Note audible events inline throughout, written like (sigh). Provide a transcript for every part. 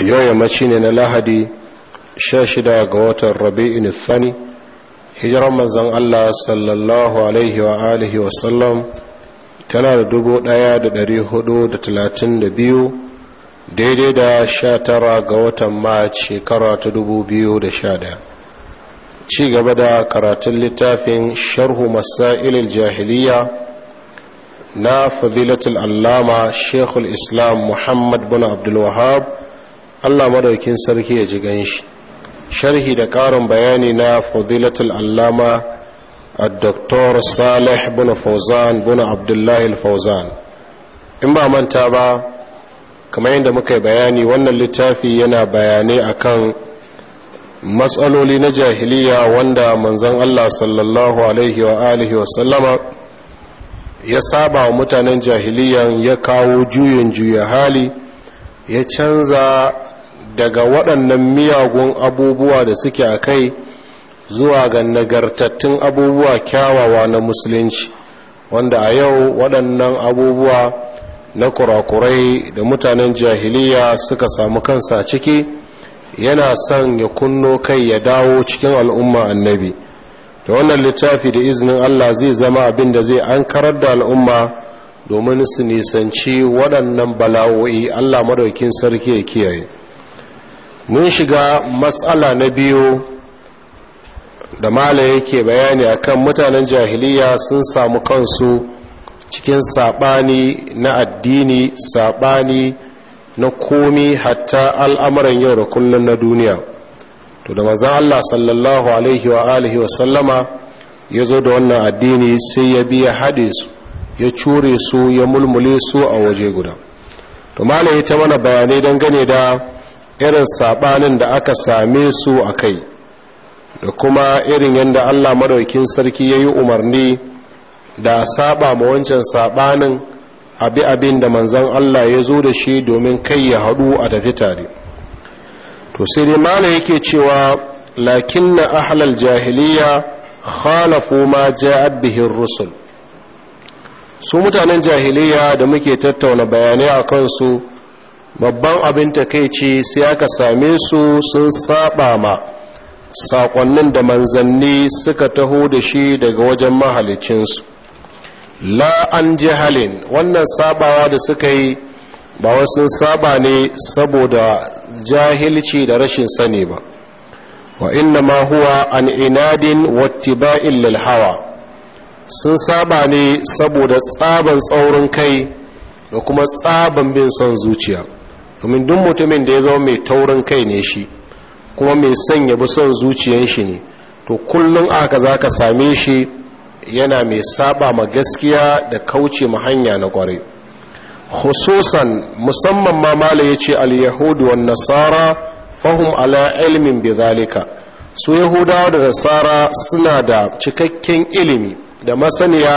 yau yammaci ne na lahadi 16 ga watan rabi'in thani hijiran manzan Allah sallallahu alaihi wa alihi wa sallam tana da 1432 daidai da 19 ga watan mac shekara ta 2011 ci gaba da karatun littafin sharhu masailil jahiliya na fadilatul allama shekul islam muhammad bin abdulwahab Allah madaukin sarki ya ji ganshi sharhi da ƙarin bayani na fadilatul allama a صالح بن فوزان بن عبد Abdullahi الفوزان in ba manta ba kamar yadda muka yi bayani wannan littafi yana bayanai akan matsaloli na jahiliya wanda manzon Allah sallallahu alaihi wa alihi wa sallama ya saba wa mutanen jahiliyan ya kawo juyin juya hali ya canza daga waɗannan miyagun abubuwa da suke a kai zuwa ga nagartattun abubuwa kyawawa na musulunci wanda a yau waɗannan abubuwa na kurakurai da mutanen jahiliya suka samu kansa ciki yana son ya kunno kai ya dawo cikin al'umma annabi ta wannan littafi da izinin allah zai zama abin da zai an karar da al'umma domin su nisanci waɗannan bala'o'i allah madaukin sarki ya kiyaye mun shiga matsala na biyu da mala yake bayani akan mutanen jahiliya sun samu kansu cikin saɓani na addini saɓani na komi hatta al'amuran yau da kullum na duniya to da mazan Allah sallallahu alaihi wa alihi wa sallama ya zo da wannan addini sai ya biya haɗe su ya cure su ya mulmule su a waje guda to mala ta mana bayanai dangane da irin saɓanin da aka same su a kai da kuma irin yadda allah madaukin sarki ya yi umarni da saɓa ma wancan saɓanin abi abin da manzan allah ya zo da shi domin kai ya haɗu a tafi tare to sai dai mana yake cewa lakin na ahlal jahiliya khalafu ma ja'ad bihin rusul su mutanen jahiliya da muke tattauna bayanai a kansu babban abin ce sai aka same su sun saba ma sakonnin da manzanni suka taho da shi daga wajen mahalicinsu la an jihalin wannan sabawa da suka yi ba wasu saba ne saboda jahilci da rashin sani ba wa inna ma huwa an inadin wattiba'in lil hawa sun saba ne saboda tsaban tsaurin kai da kuma tsaban bin son zuciya domin duk mutumin da ya zama mai taurin kai ne shi kuma mai sanya bi son zuciyan shi ne to kullum aka za ka same shi yana mai saba ma gaskiya da kauce ma hanya na kwarai hususan musamman ma mala ya ce al-yahudu nasara fahim ala ilmin bi zalika su yahudawa da nasara suna da cikakken ilimi da masaniya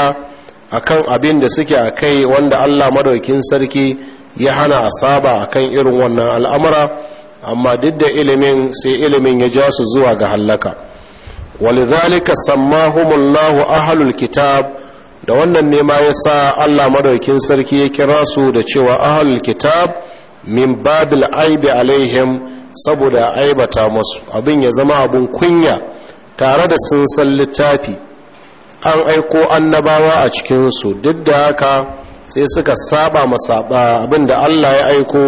akan abin da suke a kai wanda allah madaukin sarki ya hana asaba akan irin wannan al'amura amma duk da ilimin sai ilimin ya ja su zuwa ga hallaka walidhalika sammahumullahu ahlul kitab da wannan nema ya sa Allah madaukin sarki ya kira su da cewa ahlul kitab min babil aibi alaihim saboda aibata masu abin ya zama abin kunya tare da sun san littafi an aiko annabawa a cikinsu duk da haka sai suka saba masaba abinda Allah ya aiko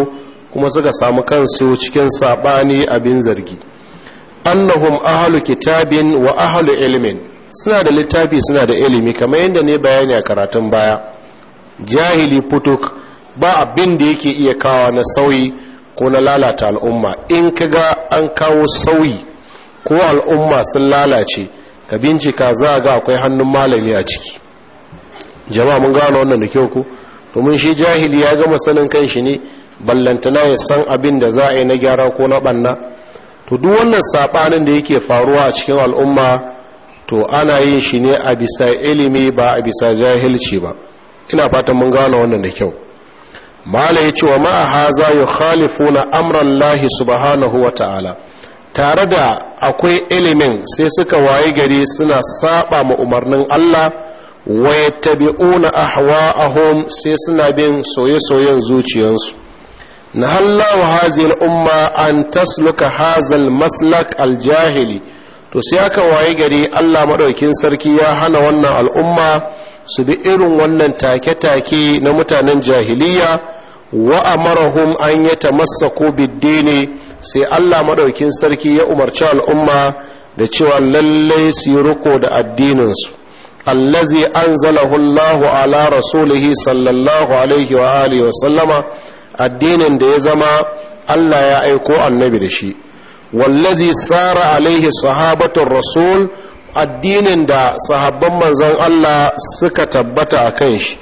kuma suka samu kansu cikin sabani abin zargi annahum ahlu kitabin wa ahlu ilmin suna da littafi suna da ilimi kamar yadda ne bayani a karatun baya jahili putuk ba abin da yake iya kawo na sauyi ko na lalata al'umma in kaga an kawo sauyi ko al'umma sun lalace ka bincika za ga akwai hannun malami a ciki jama'a mun gano wannan da kyau ku domin shi jahili ya gama sanin kan shi ne ballantana ya san abin da za a yi na gyara ko na banna to duk wannan sabanin da yake faruwa a cikin al'umma to ana yin shi ne a bisa ilimi ba a bisa jahilci ba ina fatan mun gano wannan da kyau mala ya ce wa ma'a haza ya khalifu na amran lahi subhanahu wa ta'ala tare da akwai ilimin sai suka waye gari suna saba ma umarnin allah wa yattabi'una ahwa'ahum sai suna bin soye-soyen zuciyansu na hallawa hazil umma an tasluka hazal maslak aljahili to sai aka waye gari Allah maɗaukin sarki ya hana wannan al'umma su bi irin wannan take-take na mutanen jahiliya wa amarahum an yatamassaku bid ne sai Allah maɗaukin sarki ya umarci al'umma da cewa lallai su yi riko da addininsu allazi anzalahu Allahu ala rasulihi sallallahu alaihi wa alihi wa sallama addinin da ya zama Allah ya aiko annabi da shi wallazi sara alaihi sahabatul rasul addinin da sahaban manzon Allah suka tabbata a kan shi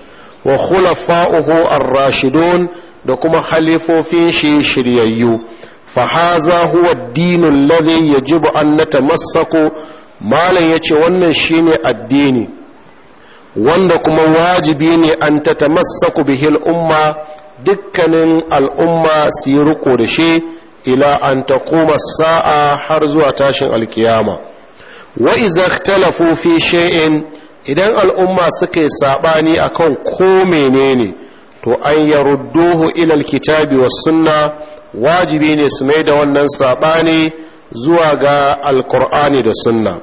wa khulafa'uhu ar-rashidun da kuma halifofin shi shiryayyu fa haza huwa ad-dinul ladhi yajibu an natamassaku malam ya ce wannan shi ne addini wanda kuma wajibi ne an ta tamassaku bihil umma dukkanin al'umma su yi riko da shi ila an ta koma sa'a har zuwa tashin alkiyama wa iza talafu fi idan al'umma suka yi saɓani akan ko menene to an yarudduhu ilal kitabi wa sunna wajibi ne su mai da wannan saɓani zuwa ga alkur'ani da sunna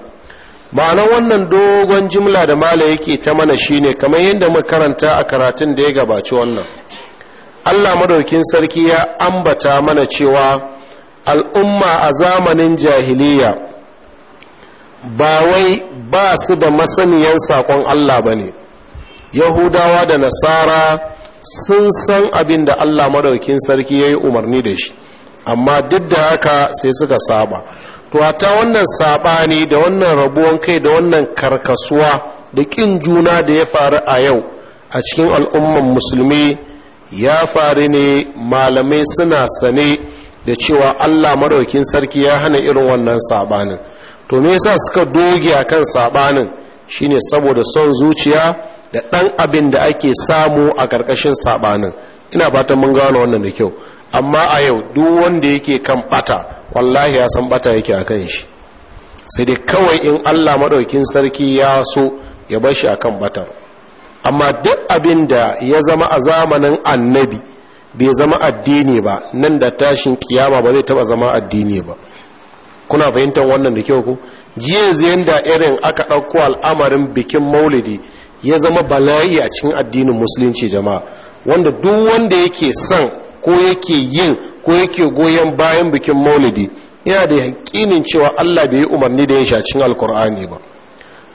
ma'anar wannan dogon jimla da mala yake ta mana shine kamar yadda karanta a karatun da ya gabaci wannan allah madaukin sarki ya ambata mana cewa al'umma a zamanin jahiliya ba wai ba su da masaniyan saƙon allah ba ne yahudawa da nasara sun san abin da allah madaukin sarki ya yi umarni da shi amma duk da haka sai suka saba to ta wannan sabani da wannan rabuwan kai da wannan karkasuwa da kin juna da ya faru a yau a cikin al'umman musulmi ya faru ne malamai suna sane da cewa Allah madaukin sarki ya hana irin wannan sabanin to me yasa suka doge akan sabanin shine saboda son zuciya da ɗan abin da ake samu a ƙarƙashin saɓanin ina fatan mun gano wannan da kyau amma a yau duk wanda yake kan bata wallahi ya san bata yake a kan shi sai dai kawai in allah maɗaukin sarki ya so ya bar shi a kan batar amma duk abin da ya zama a zamanin annabi bai zama addini ba nan da tashin kiyama ba zai taba zama addini ba kuna fahimtar wannan da kyau ku jiya ziyan da irin aka ɗauko al'amarin bikin maulidi ya zama bala'i a cikin addinin musulunci jama'a wanda duk wanda yake son ko yake yin ko yake goyon bayan bikin maulidi yana da yakinin cewa Allah bai yi umarni da yin shacin alkur'ani ba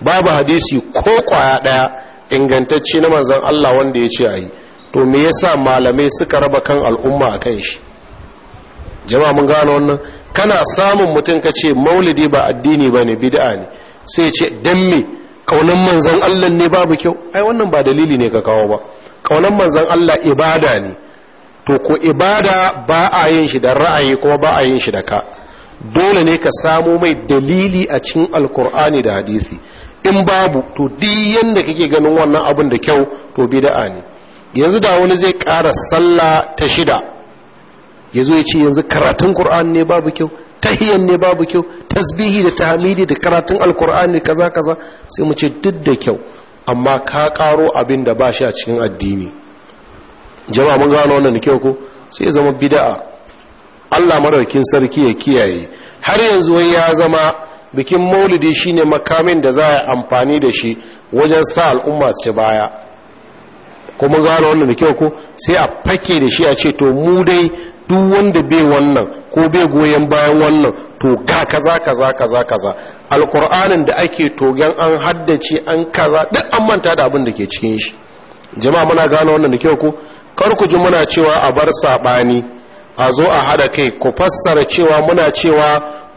babu hadisi ko kwaya daya ingantacce na manzon Allah wanda ya ce ayi to me yasa malamai suka raba kan al'umma a akan shi jama'a mun gano wannan kana samun mutum ka ce maulidi ba addini ba ne bid'a ne sai ce dan me kaunan manzon Allah ne babu kyau ai wannan ba dalili ne ka kawo ba kaunan manzon Allah ibada ne to ko ibada ba a yin shi da ra'ayi kuma ba a yin shi da ka dole ne ka samo mai dalili a cikin alkur'ani da hadisi in babu to duk yanda kake ganin wannan abin da kyau to bid'a ne yanzu da wani zai ƙara sallah ta shida yazo ya ce yanzu karatun Kur'ani ne babu kyau tahiyan ne babu kyau tasbihi da tahmidi da karatun alkur'ani kaza kaza sai mu ce duk da kyau amma ka karo abin da ba shi a cikin addini jama'a mun gano wannan da kyau ko sai zama bid'a Allah madaukin sarki ya kiyaye har yanzu wai ya zama bikin maulidi shine makamin da za a amfani da shi wajen sa al'umma su ci baya kuma gano wannan da kyau ko sai a fake da shi a ce to mu dai duk wanda bai wannan ko bai goyen bayan wannan to ga kaza kaza kaza kaza alkur'anin da ake togen an haddace an kaza duk an manta da abin da ke cikin shi jama'a muna gano wannan da kyau ko kar ku ji muna cewa a bar saɓani a zo a haɗa kai ku fassara cewa muna cewa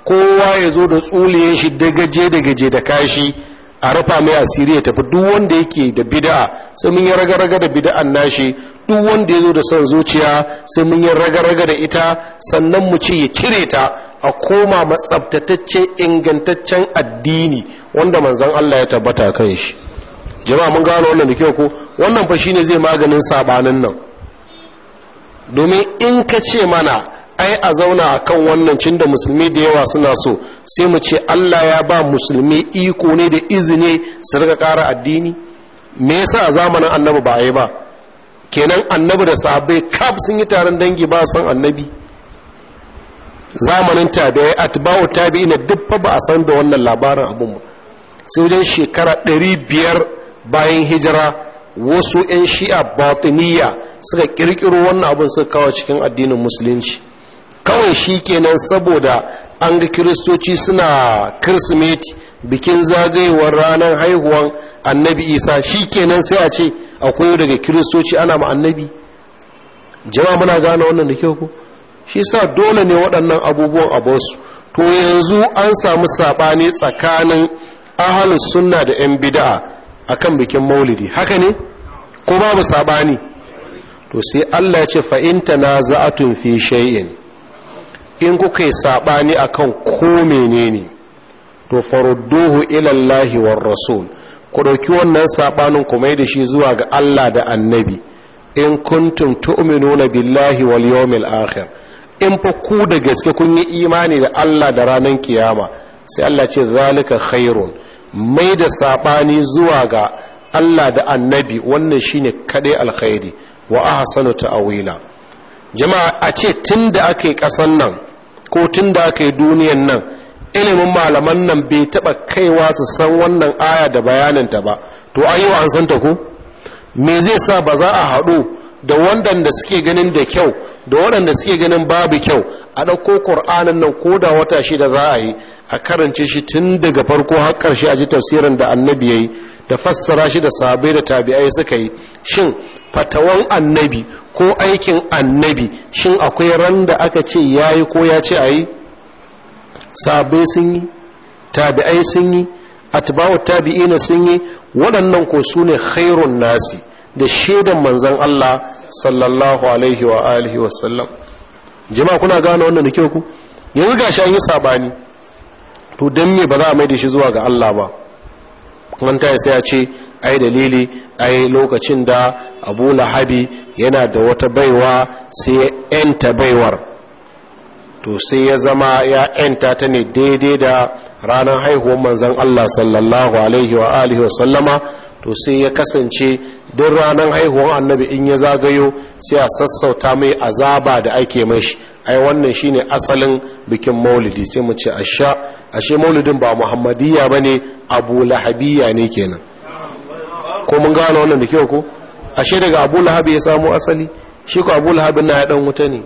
kowa ya zo da tsuliyen shi da gaje da gaje da kashi a rufa mai asiri ya tafi duk wanda yake da bida'a sai mun yi raga-raga da bid'an nashi duk wanda ya zo da son zuciya sai mun yi raga-raga da ita sannan mu ce ya cire ta a koma matsabtatacce ingantaccen addini wanda manzon Allah ya tabbata kan shi jama'a mun gano wannan da kyau ko wannan fa shine zai maganin sabanin nan domin in ka ce mana ai a zauna akan wannan cin da musulmi da yawa suna so sai mu ce Allah ya ba musulmi iko ne da izini su rika ƙara addini me yasa a zamanin annabi ba yi ba kenan annabi da sahabbai kaf sun yi taron dangi ba san annabi zamanin tabi'ai atba'u tabi'ina duk fa ba a san da wannan labarin abun ba sai wajen shekara 500 bayan hijira wasu 'yan shi'a batiniya suka kirkiro wannan abin suka kawo cikin addinin musulunci kawai shi kenan saboda an ga kiristoci suna kirsimeti bikin zagayewar ranar haihuwan annabi isa shi kenan sai a ce akwai daga kiristoci ana ma annabi jama muna gane wannan da kyau ku shi sa dole ne waɗannan abubuwan a basu to yanzu an samu saɓani tsakanin ahalus sunna da 'yan bida'a akan bikin maulidi haka ne ko babu sabani to sai Allah ya ce fa in tanaza'atun fi shay'in in kuka yi sabani akan ko menene to farudduhu ila war rasul ku ɗauki wannan sabanin ku mai da shi zuwa ga Allah da annabi in kuntum tu'minuna billahi wal yawmil akhir in fa ku da gaske kun yi imani da Allah da ranar kiyama sai Allah ce zalika khairun mai da saɓani zuwa ga Allah da annabi wannan shine kaɗai alkhairi wa a ahsanu ta'awila jama'a a ce tun da aka yi ƙasan nan ko tun da aka yi duniyan nan ilimin malaman nan bai taɓa kaiwa su san wannan aya da bayaninta ba to an yi wa an santa ku? me zai sa ba za a haɗu da wanda suke ganin da kyau da waɗanda suke ganin babu kyau a ɗauko ƙur'anin nan ko da wata shida za a yi a karance shi tun daga farko har ƙarshe a ji tafsirin da annabi ya yi da fassara shi da sabai da tabi'ai suka yi shin fatawan annabi ko aikin annabi shin akwai ran da aka ce ya yi ko ya ce a yi sabai sun yi tabi'ai sun yi atba'u tabi'ina sun yi waɗannan ko su ne khairun nasi da shaidan manzan Allah sallallahu alaihi wa alihi wa sallam jama'a kuna gane wannan da kyau ku yanzu gashi an yi sabani to dan me ba za a mai da shi zuwa ga Allah ba Wani ta sai ya ce ai dalili ai lokacin da Abu Lahabi yana da wata baiwa sai ya enta baiwar to sai ya zama ya enta ta ne daidai da ranar haihuwar manzan Allah sallallahu alaihi wa alihi wa sallama to sai ya kasance duk ranar haihuwar annabi in ya zagayo sai a sassauta mai azaba da ake mashi ai wannan shine asalin bikin maulidi sai mu ce asha ashe maulidin ba muhammadiyya ne abu lahabiyya ne kenan ko mun gano wannan da kyau ko ashe daga abu lahabi ya samu asali shi ko abu lahabin na ya dan wuta ne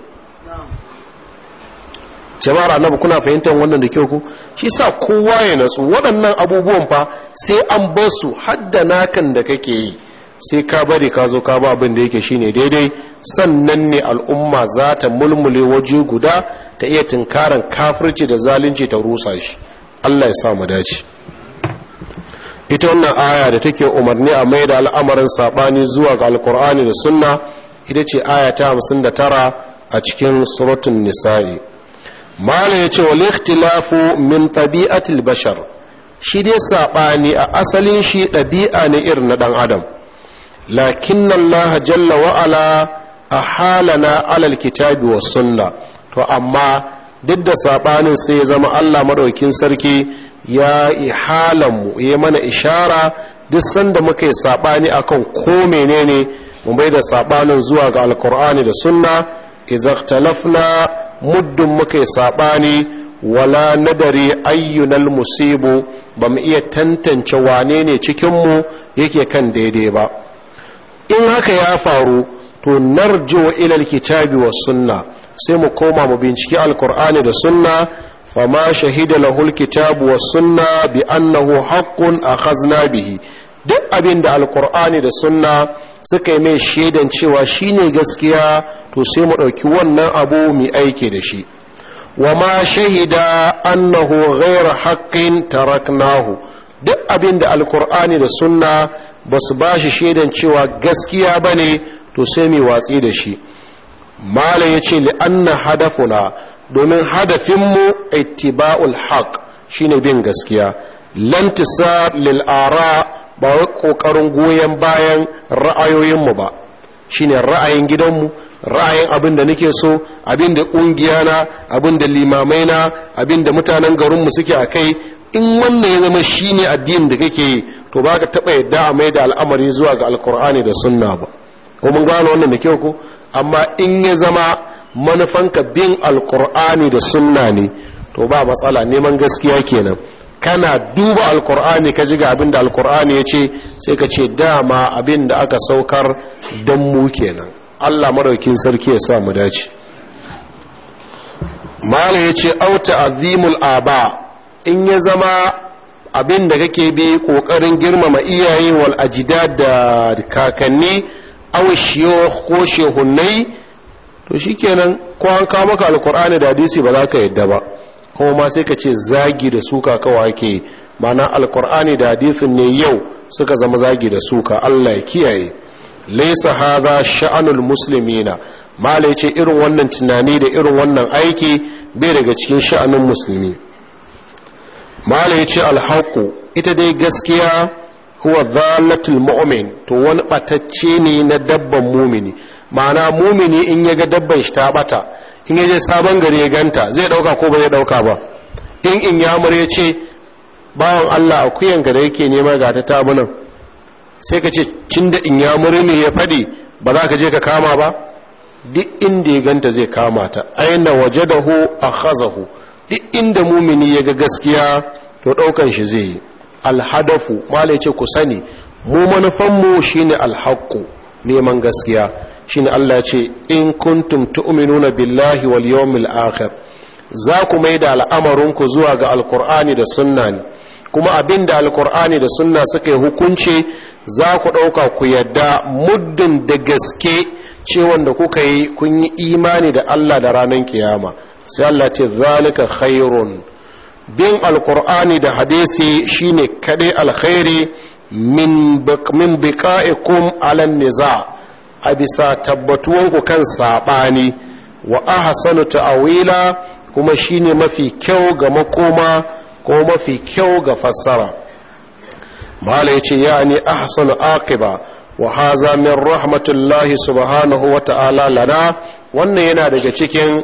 jama'ar annabi kuna fahimtar wannan da kyau ku shi sa kowa ya natsu waɗannan abubuwan fa sai an bar su hadda nakan da kake yi sai ka bari ka zo ka ba abin da yake shine daidai sannan ne al'umma za ta mulmule waje guda ta iya tunkaran kafirci da zalunci ta rusa shi Allah ya sa mu dace ita wannan aya da take umarni a mai da al'amarin saɓani zuwa ga alkur'ani da sunna ita ce aya ta 59 a cikin suratun nisa'i mala ya ce wa likhtilafu min tabi'atil bashar shi dai saɓani a asalin shi ɗabi'a ne irin na ɗan adam lakinna Allah jalla wa'ala a halana alal kitabi wa sunna to amma duk da saɓanin sai ya zama Allah maɗaukin sarki ya mu ya mana ishara duk sanda muka yi saɓani akan ko menene mu bai da saɓanin zuwa ga alkur'ani da sunna izaktalafna muddin muka yi saɓani wala nadari ayyunal musibu ba mu iya tantance wane ne cikinmu yake kan daidai ba in haka ya faru to narjo ilal kitabi wa sunna sai mu koma mu binciki alkur'ani da sunna fama shahida lahul kitabu wa sunna bi annahu haqqun akhazna bihi duk abin da alkur'ani da sunna suka yi mai shaidan cewa shine gaskiya to sai mu ɗauki wannan abu mai aiki da shi wa ma shahida annahu ghairu haqqin taraknahu duk abin da alkur'ani da sunna ba su ba shi shaidan cewa gaskiya ba ne to sai mai watsi da shi mala ya ce li'anna hadafuna domin hadafinmu ittiba'ul haq shine bin gaskiya lantisar ara. ba wai kokarin goyon bayan ra'ayoyinmu ba shine ra'ayin gidanmu ra'ayin abin da nake so abin da kungiya na abin da limamai na abin da mutanen garinmu suke a kai in wannan ya zama ne addinin da kake yi to ba ka taɓa yadda a mai da al'amari zuwa ga alkur'ani da sunna ba ko mun gano wannan da kyau ko amma in ya zama manufanka bin alkur'ani da sunna ne to ba matsala neman gaskiya kenan kana duba alkur'ani ka ji ga abin da alkur'ani ya ce sai ka ce dama abin da aka saukar don mu kenan allah maraukin sarki ya sa mu dace Malam ya ce auta azimul aba in ya zama abin da kake bi kokarin girmama iyaye wal ajida da kakanni aw shiyo ko shehunai, to shikenan ko an kawo maka alkur'ani da hadisi ba za ka yadda ba kuma ma sai ka ce zagi da suka kawai ake mana alkur'ani da hadisin ne yau suka zama zagi da suka Allah ya kiyaye laisa haza sha'anul muslimina malai ce irin wannan tunani da irin wannan aiki bai daga cikin sha'anin musulmi malai ce alhaqu ita dai gaskiya huwa dhalatul mu'min to wani batacce ne na dabban mumini ma'ana mumini in ya ga dabban shi ta bata in yaje sabon gari ya ganta zai dauka ko ba zai dauka ba in in yamur ya ce bawan Allah akuyan gare yake nema ga ta tabunan sai ka ce cin da in yamur ne ya fadi ba za ka je ka kama ba duk inda ya ganta zai kama ta aina wajadahu akhazahu duk inda mumini ya ga gaskiya to daukan shi zai yi alhadafu malai ce ku sani mu manufanmu shine alhaqqu neman gaskiya shine Allah ce in kuntum tu'minuna billahi wal yawmil akhir za ku mai da al'amarinku zuwa ga alkur'ani da sunna ne kuma abin da alkur'ani da sunna suka yi hukunci za ku ɗauka ku yadda muddin da gaske cewan da kuka yi kun yi imani da Allah da ranar kiyama sai Allah ce zalika khairun bin alkur'ani da hadisi shine kaɗai alkhairi min bika'ikum alan niza' a bisa tabbatuwanku kan saɓani wa ahsanu ta'awila kuma shine mafi kyau ga makoma ko mafi kyau ga fassara mala yace yani ahsanu aqiba wa haza min rahmatullahi subhanahu wa ta'ala lana wannan yana daga cikin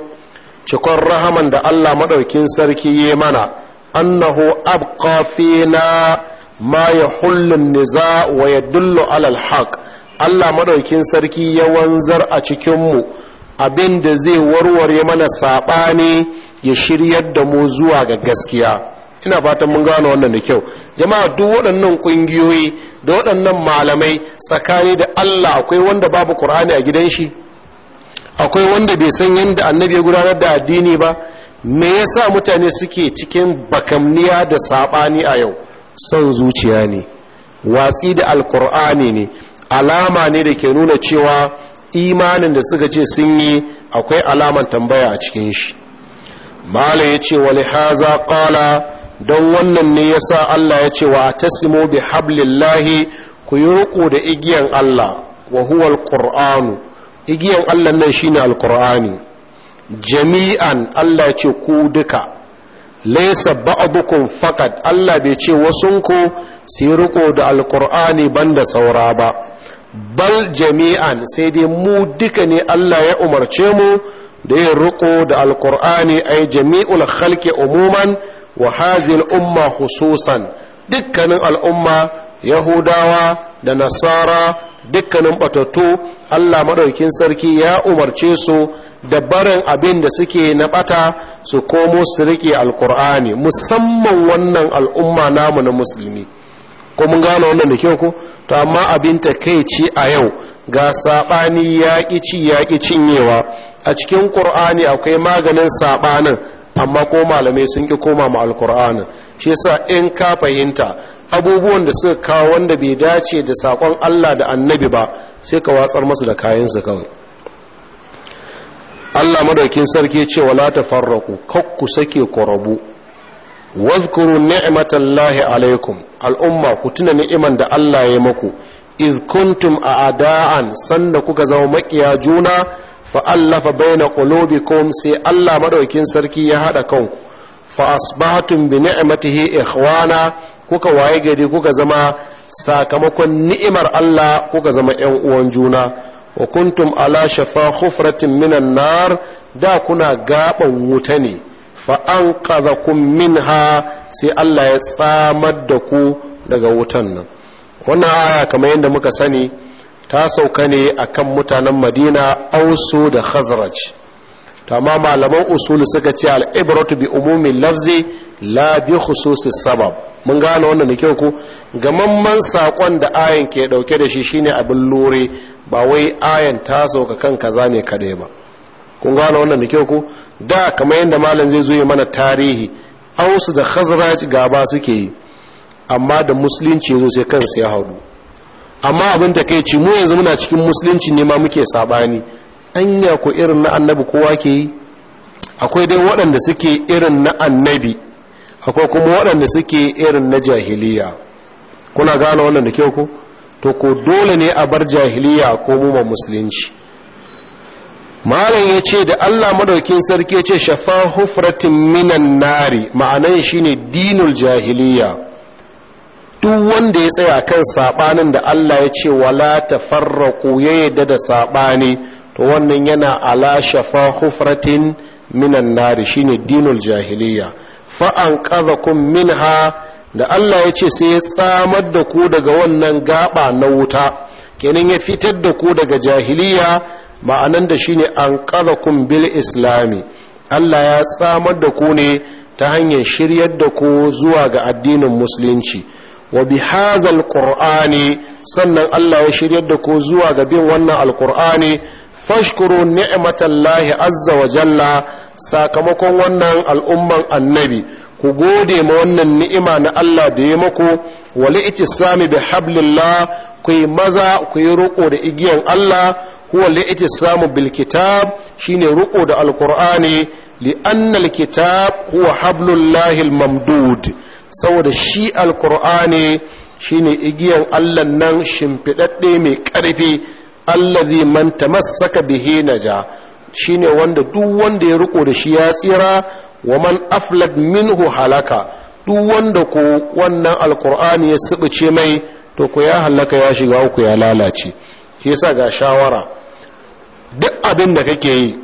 cikon rahaman da Allah maɗaukin sarki yi mana annahu abqa fina ma yahullu niza wa yadullu ala al-haqq Allah madaukin sarki ya wanzar a cikinmu abin da zai warware mana saɓani ya shiryar da mu zuwa ga gaskiya ina fatan mun gano wannan da kyau jama'a duk waɗannan ƙungiyoyi da waɗannan malamai tsakani da Allah akwai wanda babu Qur'ani a gidan shi akwai wanda bai san yadda annabi ya gudanar da addini ba me yasa mutane suke cikin bakamniya da saɓani a yau son zuciya ne watsi da alkur'ani ne alama ne da ke nuna cewa imanin da suka ce sun yi akwai alaman tambaya a cikin shi mala ya ce wani haza kala don wannan ne ya sa allah ya ce wa tasimo bi hablillahi ku yi roƙo da igiyan allah wa huwal qur'anu igiyan allah nan ne Alƙur'ani. jami'an allah ya ce ku duka laisa ba'dukum fakat allah bai ce wasunku su yi roƙo da ban banda saura ba bal jami'an sai dai mu duka ne Allah ya umarce mu da yin riko da alkur'ani ai jami'ul khalqi umuman wa hazil umma hususan dukkanin al'umma yahudawa da nasara dukkanin Batatu Allah madaukin sarki ya umarce su da barin abin da suke na bata su komo su rike alkur'ani musamman wannan al'umma namu na musulmi ko mun gano wannan da kyau ko to amma abin takeici a yau ga sabani ya ci yaƙi cinyewa a cikin qur'ani akwai maganin sabanin amma ko malamai sun ki koma mu alqur'ani shi yasa in ka fahimta abubuwan da suka kawo wanda bai dace da sakon Allah da annabi ba sai ka watsar masu da kayan su kawai Allah madaukin sarki ce wala tafarraqu kakku sake ku rabu wazkuru ni'matallahi alaikum al'umma ku tuna ni'iman da Allah ya maku iz kuntum a'da'an sanda kuka zama makiya juna fa allafa baina qulubikum sai Allah madaukin sarki ya hada kanku fa asbahatum bi ni'matihi ikhwana kuka waye gari kuka zama sakamakon ni'imar Allah kuka zama ƴan uwan juna wa kuntum ala shafa hufratin minan nar da kuna gaban wuta ne min ha sai Allah ya tsamar da ku daga wutan nan wannan aya kamar yadda muka sani ta sauka ne akan mutanen madina ausu da khazraj amma malaman usulu suka ce al'ibratu bi umumi lafzi la bi khususi sabab mun gane wannan da kyau ko gamamman saƙon da ayan ke ɗauke da shi shine abin lure ba wai ayan ta sauka kan kaza ne kadai ba kun gano wannan da kyau ko da kamar yadda malam zai zo ya mana tarihi ausu da khazraj gaba suke yi amma da musulunci zo sai kan ya hadu amma abin da kai ci mu yanzu muna cikin musulunci ne ma muke sabani anya ko irin na annabi kowa ke yi akwai dai waɗanda suke irin na annabi akwai kuma waɗanda suke irin na jahiliya kuna gano wannan da kyau ko to ko dole ne a bar jahiliya ko mu musulunci malam ya ce da allah madaukin sarki ya ce shafa hufratin minan nari ma'anan shine dinul jahiliya duk wanda ya tsaya kan sabanin da allah ya ce wala ta tafarraku ya yadda da sabani to wannan yana ala shafa hufratin minan nari shine dinul jahiliya fa'an ƙazakun minha da allah ya ce sai ya tsamar da ku daga wannan gaba na wuta kenan ya fitar da ku daga jahiliya ma'anan da shine an kun bil islami Allah ya tsamar da ku ne ta hanyar shiryar da ku zuwa ga addinin musulunci wa bi hazal qur'ani sannan Allah ya shiryar da ku zuwa ga bin wannan alqur'ani fashkuru ni'matallahi azza wa jalla sakamakon wannan al'umman annabi ku gode ma wannan ni'ima na Allah da ya muku wal ittisami bi hablillah ku yi maza ku yi da igiyan Allah huwa li ittisamu bil kitab shine riko da alkur'ani li kitab huwa hablullahi mamdud saboda shi alkur'ani shine igiyan Allah nan shimfiɗaɗɗe mai ƙarfi allazi man tamassaka bihi naja shine wanda duk wanda ya riko da shi ya tsira wa man aflad minhu halaka duk wanda ku wannan alkur'ani ya sibice mai to ku ya halaka ya shiga uku ya lalace shi yasa ga shawara duk abin da kake yi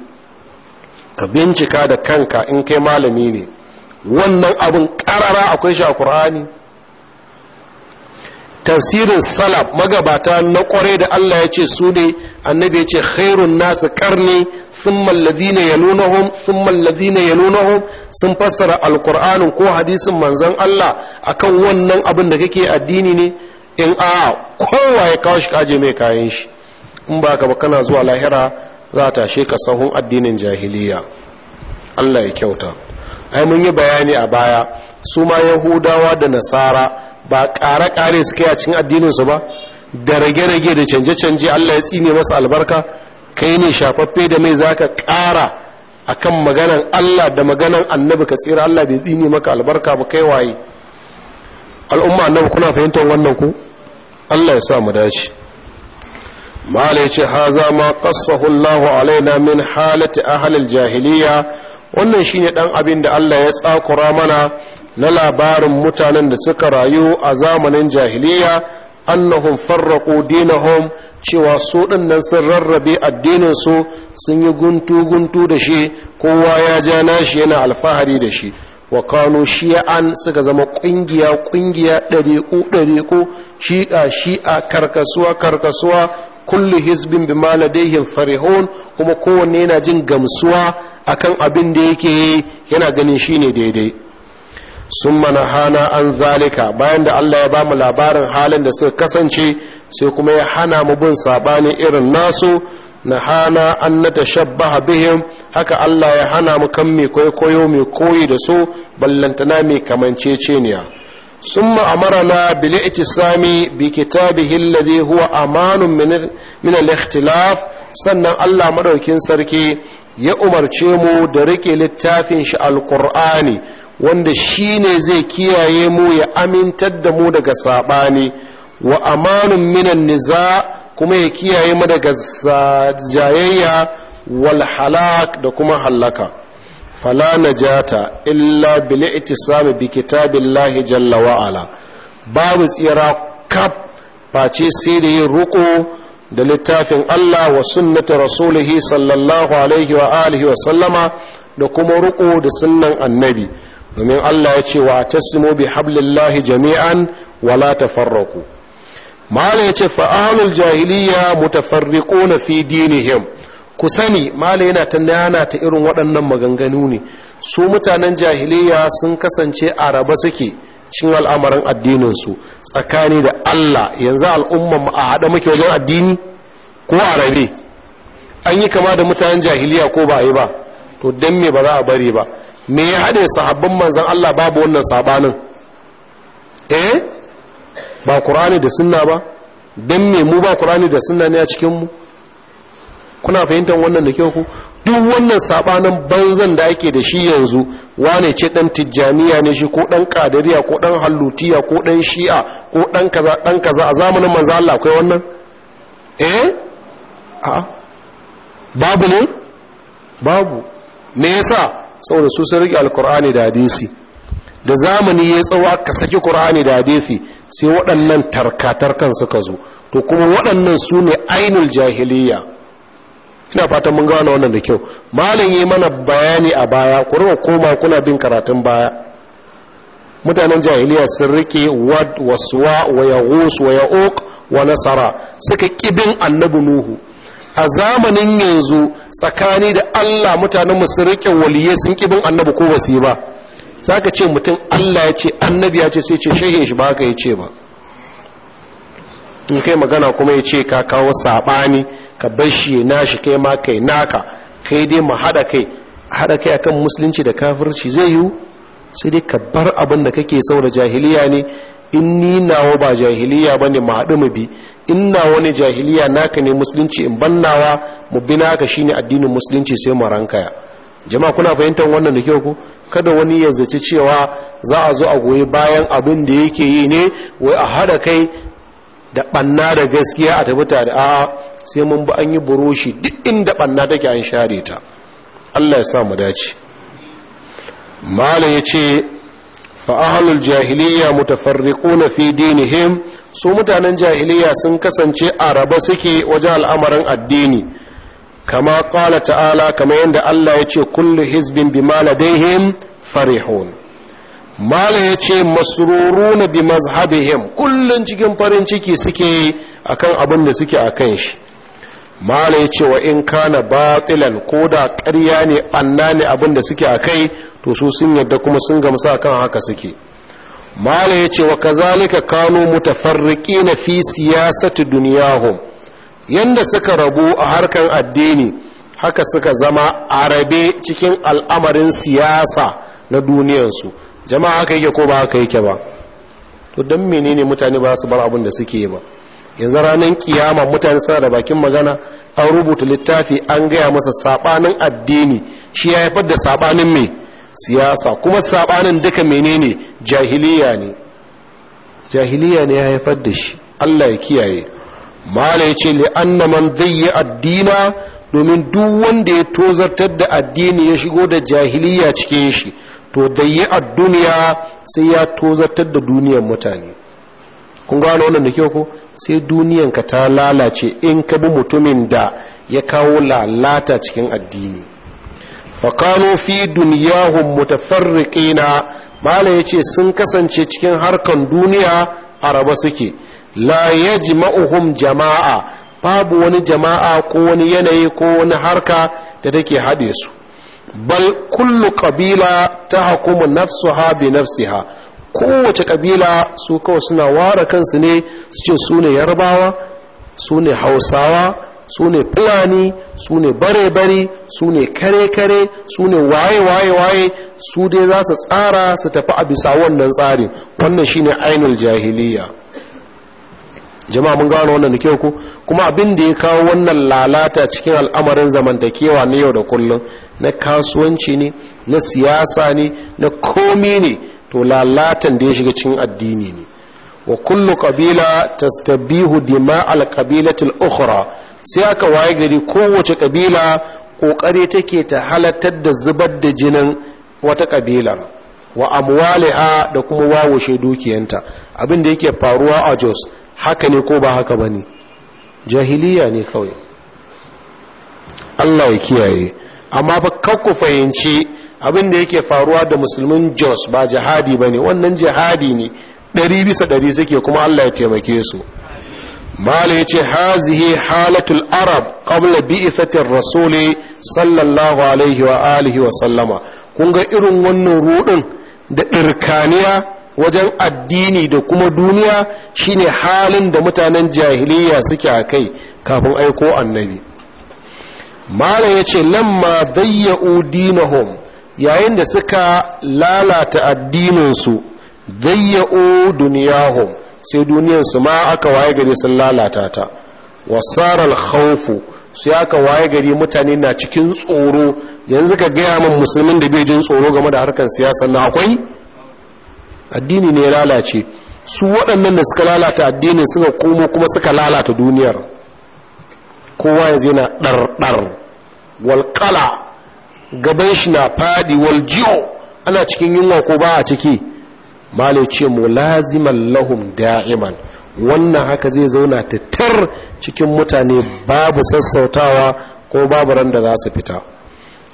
ka bincika da kanka in kai malami ne wannan abin karara akwai shi a qur'ani tafsirin salaf magabata na kware da Allah ya ce su ne annabi ya ce khairun nasu karni sun mallazi yalunahum ya nuna hun sun fassara alkur'anin ko hadisin manzan Allah a kan wannan abin da kake addini ne in a kowa ya kawo shi kaje mai kayan shi in ba ka ba kana zuwa lahira za ta she ka sahun addinin jahiliya Allah ya kyauta ai mun yi bayani a baya su ma yahudawa da nasara ba ƙare-ƙare suka yi a cikin addininsu ba da rage-rage da canje-canje allah ya tsine masa albarka kai ne shafaffe da mai za ka ƙara a kan maganan allah da maganan annabi ka tsira allah bai tsine maka albarka ba kai waye al'umma annabi kuna fahimtar wannan ku allah ya sa mu dace mala ce haza ma qassahu Allahu alaina min halati ahlil jahiliya wannan shine dan abin da Allah ya tsakura mana na labarin mutanen da suka rayu a zamanin jahiliya annahum farraqu dinahum cewa su nan sun rarrabe addininsu sun yi guntu-guntu da shi kowa ya ja nashi yana alfahari da shi wa kano shi'an suka zama ƙungiya ƙungiya shi a-shi ɗariƙo shi'a shi'a karkasuwa karkasuwa kullu hizbin bi farihun kuma kowanne yana jin gamsuwa akan abin da yake yana ganin shine daidai sun mana hana an zalika bayan da Allah ya ba mu labarin halin da suka kasance sai kuma ya hana mu bin sabanin irin nasu na hana an na tashabbaha bihim haka Allah ya hana mu kan mai kwaikwayo mai koyi da su ballantana mai kamanceceniya ثم أمرنا بالاعتصام بكتابه الذي هو أمان من من الاختلاف sannan Allah madaukin sarki ya umarce mu da rike littafin shi alkur'ani wanda shi ne zai kiyaye mu ya amintar da mu daga saɓani wa amanun minan niza kuma ya kiyaye mu daga jayayya wal halak da kuma halaka fala najata illa bil ittisami bi kitabillahi jalla wa ala babu tsira kaf face sai da yin ruko da littafin Allah wa sunnati rasulihi sallallahu alaihi wa alihi wa sallama da kuma ruko da sunnan annabi domin Allah ya ce wa simo bi hablillahi jami'an wala tafarraku mala ya ce fa'alul jahiliya na fi dinihim ku sani mala yana ta nana ta irin waɗannan maganganu ne su mutanen jahiliya sun kasance a raba suke cin al'amarin addininsu tsakani da Allah yanzu al'umman a haɗa muke wajen addini ko a rabe an yi kama da mutanen jahiliya ko ba a yi ba to don me ba za a bari ba me ya haɗe sahabban manzan Allah babu wannan sabanin eh ba ƙura'ani da sunna ba don me mu ba ƙura'ani da sunna ne a cikinmu kuna fahimtar wannan da kyau ku duk wannan sabanin banzan da ake da shi yanzu wane ce ɗan tijjaniya ne shi ko ɗan ƙadariya ko ɗan hallutiya ko ɗan shi'a ko ɗan kaza ɗan kaza a zamanin manzan Allah akwai wannan eh a babu ne babu me yasa saboda su sun rike alkur'ani da hadisi da zamani ya tsawa ka saki kur'ani da hadisi sai waɗannan tarkatarkan suka zo to kuma waɗannan su ne ainul jahiliya ina fatan mun gano wannan da kyau malam yi mana bayani a baya ku rinka koma kuna bin karatun baya mutanen jahiliya sun rike wad waswa wa yaghus wa wa nasara suka kibin annabi nuhu a zamanin yanzu tsakani da Allah mutanen sun riƙe waliyai sun ƙi bin annabi ko su yi ba ka ce mutum Allah ya ce annabi ya ce sai ce shehe shi ba haka ya ce ba in kai magana kuma ya ce ka kawo saɓani ka bar shi na shi kai ma kai naka kai dai mu haɗa kai haɗa kai akan musulunci da kafirci zai yiwu sai dai ka bar abin da kake saura jahiliya ne in ni nawa ba jahiliya ba ne haɗu mu bi in na wani jahiliya naka ne musulunci in ban nawa mu bi naka shi ne addinin musulunci sai mu rankaya jama'a kuna fahimtar wannan da kyau ku kada wani ya zaci cewa za a zo a goyi bayan abin da yake yi ne wai a haɗa kai da ɓanna da gaskiya a tafi da a sai mun bi an yi buroshi duk inda ɓanna take an share ta allah ya sa mu dace malam ya ce fa ahlul jahiliya mutafarriquna fi dinihim su mutanen jahiliya sun kasance a raba suke wajen al'amarin addini kama qala ta'ala kama yadda Allah ya ce kullu hizbin bima ladaihim farihun mala yace ce masruruna bi mazhabihim kullun cikin farin ciki suke akan abin da suke akan shi mala yace ce wa in kana batilan koda ƙarya ne anna ne abin da suke akai to su sun yadda kuma sun gamsa kan haka suke mala ya ce wa kazalika mu mutafarriki na fi siyasati duniyahum yanda suka rabu a harkan addini haka suka zama arabe cikin al'amarin siyasa na duniyansu jama'a haka yake ko ba haka yake ba to don menene mutane ba su bar abin da suke ba yanzu ranar kiyama mutane suna da bakin magana an rubuta littafi an gaya masa saɓanin addini shi ya haifar da saɓanin mai siyasa kuma sabanin duka menene jahiliya ne jahiliya ne ya haifar da shi Allah ya kiyaye mala ya ce li'anna man zayya addina domin duk wanda ya tozartar da addini ya shigo da jahiliya cikin shi to dayya ad-duniya sai ya tozartar da duniyar mutane kun gano wannan da kyau ko sai duniyanka ta lalace in ka bi mutumin da ya kawo lalata cikin addini wa duniyahu, fi duniyahum mutafarriqina Malam yace sun kasance cikin harkan duniya araba suke la ma'uhum jama'a babu wani jama'a ko wani yanayi ko wani harka da take haɗe su bal kullu qabila nafsu ha bi ha kowace ƙabila su kawai suna ware kansu ne su ce su ne yarbawa su ne hausawa su ne fulani su ne bare-bare su ne kare-kare su ne waye-waye-waye su dai za su tsara su tafi a bisa wannan tsarin wannan shine ainihin jahiliya jama'a mun gano wannan da kyau ku kuma abin da ya kawo wannan lalata cikin al'amarin zamantakewa na yau da kullum na kasuwanci ne na siyasa ne na komi ne to lalatan da ya shiga cikin addini ne wa kullu qabila tastabihu dima al qabilatil ukhra sai aka waye gari kowace kabila kokari take ta halattar da zubar da jinin wata kabila wa amwaliha da kuma wawashe dukiyanta abin da yake faruwa a Jos haka ne ko ba haka bane jahiliya ne kawai Allah ya kiyaye amma ba kakku fahimci abin da yake faruwa da musulmin Jos ba jihadi bane wannan jihadi ne ɗari bisa ɗari suke kuma Allah ya taimake su mala ya ce hazihi halatul arab qabla bi'ithatir rasuli sallallahu alaihi wa alihi wa sallama kun ga irin wannan ruɗin da irkaniya wajen addini da kuma duniya shine halin da mutanen jahiliya suke a kai kafin aiko annabi mala ya ce lamma dayya'u dinahum yayin da suka lalata addininsu dayya'u duniyahum sai duniyar su ma aka waye gari sun lalata ta wasarar su ya ka waye gari mutane na cikin tsoro yanzu ka gaya min musulmin da bai jin tsoro game da harkar siyasa na akwai addini ne lalace su waɗannan da suka lalata addinin suka komo kuma suka lalata duniyar kowa yanzu yana ɗarɗar walƙala gaban shi na faɗi waljiyo ana cikin yunwa ko ba a ciki malai ce mu mulaziman lahum da'iman wannan haka zai zauna tattar cikin mutane babu sassautawa ko babu ran da za su fita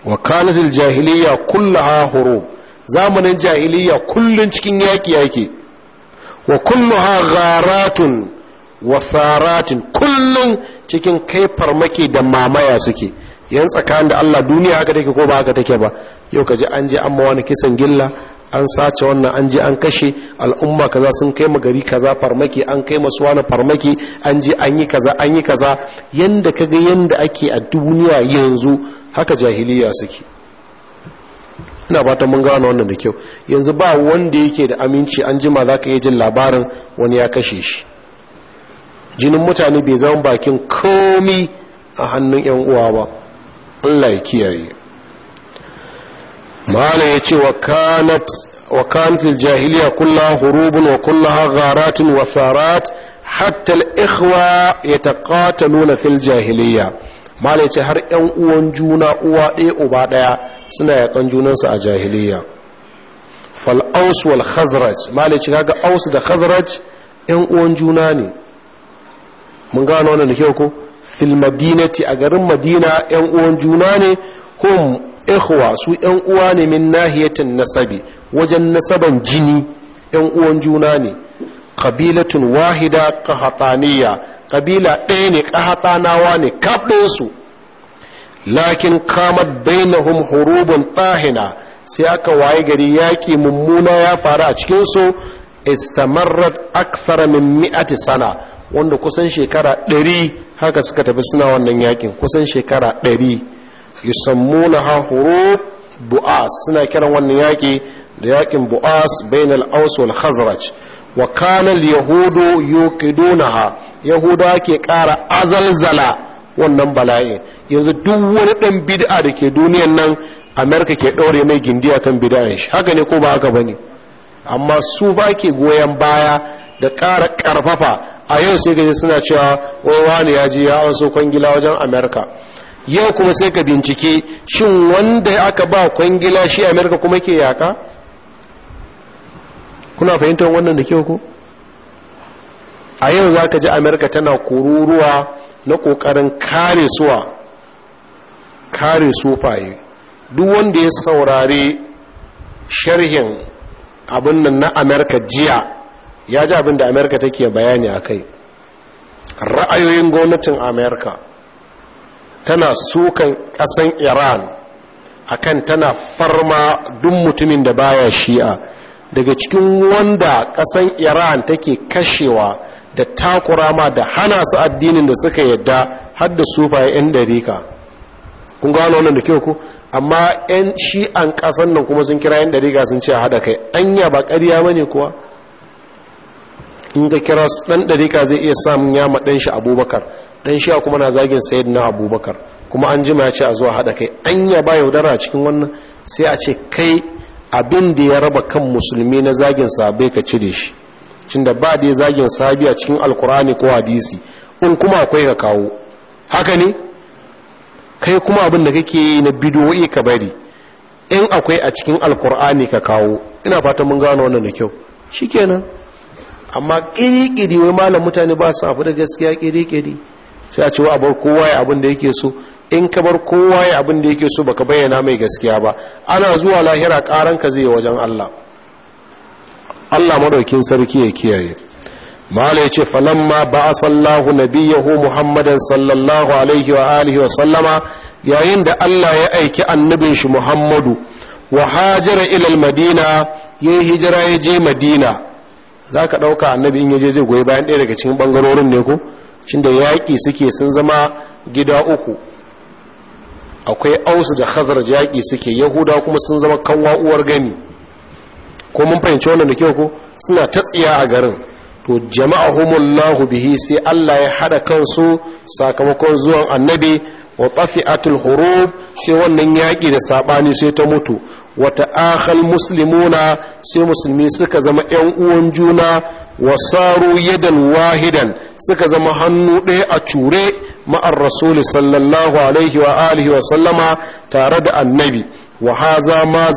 wa kanatil jahiliya kullaha hurub zamanin jahiliya kullun cikin yaki yake wa kullu ha gharatun wa faratin kullun cikin kai farmaki da mamaya suke yan tsakanin da Allah duniya haka take ko ba haka take ba yau kaje an je amma wani kisan gilla an sace wannan an je an kashe al'umma kaza sun kai ma gari kaza farmaki an kai masu wani farmaki an je an yi kaza an yi kaza yanda kaga yanda ake a duniya yanzu haka jahiliya suke ina fatan mun gano wannan da kyau yanzu ba wanda yake da aminci an ma za ka iya jin labarin wani ya kashe shi jinin mutane bai zama bakin komi a hannun 'yan uwa ba Allah ya kiyaye ma'ana ya ce wa kanat jahiliya kulla hurubun wa kulla gharatun wa farat hatta ta kata nuna fil jahiliya ma'ana ya ce har yan uwan juna uwa ɗaya uba ɗaya suna yakan junansu a jahiliya fal aus wal khazraj ma'ana ya ce kaga aus da khazraj yan uwan juna ne mun gano wannan da kyau ko fil madinati a garin madina yan uwan juna ne hum ikhwa su yan uwa ne min nahiyatin nasabi wajen nasaban jini yan uwan juna ne kabilatun wahida qahataniya kabila ɗaya ne qahatanawa ne kafin su lakin kamat bainahum hurubun tahina sai aka waye gari yaƙi mummuna ya faru a cikin su istamarrat aksara min mi'ati sana wanda kusan shekara ɗari haka suka tafi suna wannan yaƙin kusan shekara ɗari yusammunaha hurub bu'as suna kiran wannan yaƙi da yaƙin bu'as bainal aus wal khazraj wa kana al yahudu yuqidunaha yahuda ke ƙara azalzala wannan bala'i yanzu duk wani ɗan bid'a da ke duniyan nan amerika ke ɗaure mai gindiya kan bid'a shi haka ne ko ba haka bane amma su ba ke goyon baya da ƙara ƙarfafa a yau sai gaji suna cewa wani ya ji ya an so kwangila wajen amerika yau kuma sai ka bincike shin wanda aka ba kwangila shi amerika kuma ke yaka kuna fahimtar wannan da kyau ku? a yau za ka ji amerika tana kururuwa na ƙoƙarin kare suwa kare sufaye duk wanda ya saurari sharhin abin nan na amerika jiya ya ji abin da amerika take bayani a kai ra'ayoyin gwamnatin amerika tana sukan ƙasan iran akan tana farma duk mutumin da baya shi'a daga cikin wanda ƙasan iran take kashewa da takura ma da hana su addinin da suka yadda har da sufaye 'yan dariƙa. kun gano wannan da kyau ku amma 'yan shi'an ƙasan nan kuma sun kira 'yan dariƙa sun ce a haɗa kai anya ba ƙarya mani kuwa in ka kira dan dariƙa zai iya samun ya ma ɗan shi abubakar dan shi kuma na zagin sayid na abubakar kuma an jima ya ce a zuwa haɗa kai an ya ba yaudara a cikin wannan sai a ce kai abin da ya raba kan musulmi na zagin sabai ka cire shi cin da ba da zagin sabi a cikin alkurani ko hadisi in kuma akwai ka kawo haka ne kai kuma abin da kake yi na bidiyoyi ka bari in akwai a cikin alkur'ani ka kawo ina fatan mun gano wannan da kyau shi kenan. amma ƙiri-ƙiri wai malam mutane ba su abu da gaskiya ƙiri sai a cewa abar kowa ya abin da yake so in ka bar kowa ya abin da yake so baka bayyana mai gaskiya ba ana zuwa lahira karan ka zai wajen Allah Allah madaukin sarki ya kiyaye mala yace falamma ba sallahu nabiyahu muhammadan sallallahu alaihi wa alihi wa sallama yayin da Allah ya aiki annabin shi muhammadu wa hajara ilal madina ya hijira ya je madina za ka ɗauka annabi in yaje zai goyi bayan ɗaya daga cikin ɓangarorin ne ko cin da yaƙi suke sun zama gida uku akwai ausu da hazar yaƙi suke yahuda kuma sun zama kanwa uwar gani ko mun fahimci wannan da kyau ko suna ta tsiya a garin to jama'a humullahu bihi sai allah ya haɗa kansu sakamakon zuwan annabi wa tafi'atul hurub sai wannan yaki da saɓani sai ta mutu wa ta'akhal muslimuna sai musulmi suka zama ƴan uwan juna wa saru yadan wahidan suka zama hannu ɗaya a cure ma'ar rasuli sallallahu alaihi wa alihi wa sallama tare da annabi wa haza ma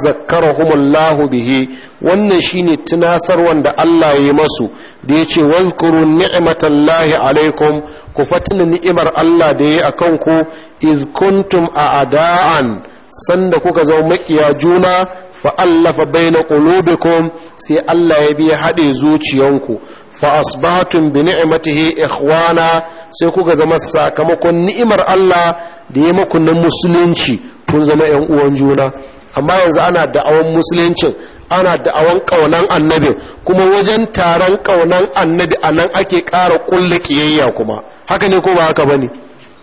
Allah bihi wannan shine tunasar wanda Allah ya yi masu da ya ce wazkuru ni'matallahi alaikum ku fatina ni'imar Allah da ya yi akan ku iz kuntum a'da'an sanda kuka zama makiya juna fa'allafa baina baina qulubikum sai Allah ya biya haɗe zuciyanku fa asbahatum bi ni'matihi ikhwana sai kuka zama sakamakon ni'imar Allah da ya maku na musulunci kun zama ƴan uwan juna amma yanzu ana da'awan musuluncin ana da'awan kaunan annabi kuma wajen taron kaunan annabi a nan ake ƙara kulle kiyayya kuma haka ne ko ba haka bane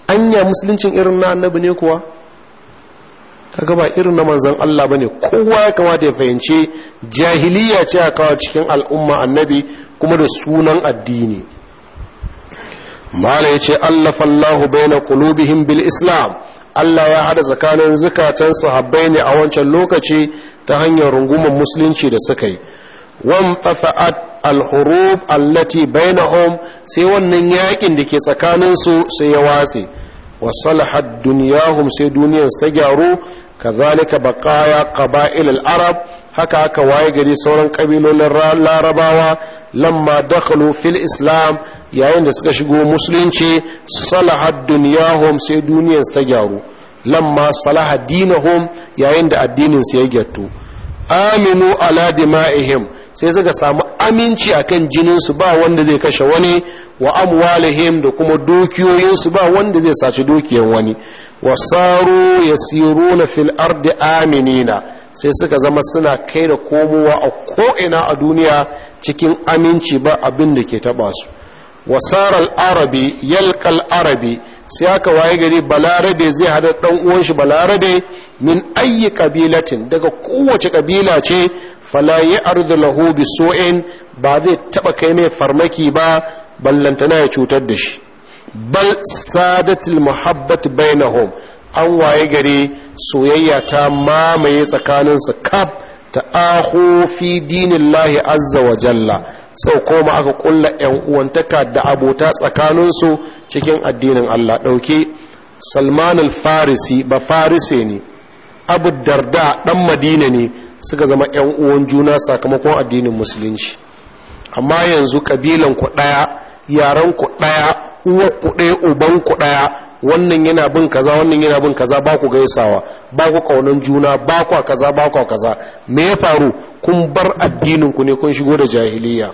anya musuluncin irin na annabi ne kuwa kaga ba irin na manzan Allah bane kowa ya kamata ya fahimce jahiliya ce a kawo cikin al'umma annabi kuma da sunan addini mala yace allah fallahu baina qulubihim bil islam Allah ya hada tsakanin zukatan sahabbai ne a wancan lokaci ta hanyar rungumar musulunci da suka yi wan tafa'at alhurub allati bainahum sai wannan yakin da ke tsakaninsu sai ya watse wa salahat duniyahum sai duniyar ta gyaru kazalika baqaya qaba'il al-arab haka aka waye gari sauran kabilolin larabawa lamma dakhalu fil islam yayin da suka shigo musulunci salahat duniyahum sai duniyar ta gyaru lamma salaha dinahum yayin da addinin su ya gyattu aminu ala dima'ihim sai suka samu aminci a akan jininsu ba wanda zai kashe wani wa amwalihim da kuma dukiyoyinsu ba wanda zai saci dukiyan wani wasaru yasiruna fil ardi aminina sai suka zama suna kai da komowa a ko'ina a duniya cikin aminci ba abin da ke taba su wasarar arabi yalkal arabi sai aka waye gari balarabe zai hada dan uwan shi balarabe min ayyi kabilatin daga kowace kabila ce falaye ya lahu bi so'in ba zai taba kai mai farmaki ba ballantana ya cutar da shi bal sadatil muhabbat bainahum an waye gare soyayya ta mamaye tsakaninsu kaf ta aho fi dinillahi azza wa jalla sau koma aka kulla yan uwantaka da abota tsakaninsu cikin addinin Allah dauke Salman al-Farisi ba Farise ne abu darda ɗan madina ne suka zama 'yan uwan juna sakamakon addinin musulunci amma yanzu kabilan ku ɗaya yaran ku ɗaya uwa ku ɗaya uban ku ɗaya wannan yana bin kaza wannan yana bin kaza ba ku gaisawa ba ku kaunan juna ba ku kaza ba ku kaza me ya faru kun bar addinin ku ne kun shigo da jahiliya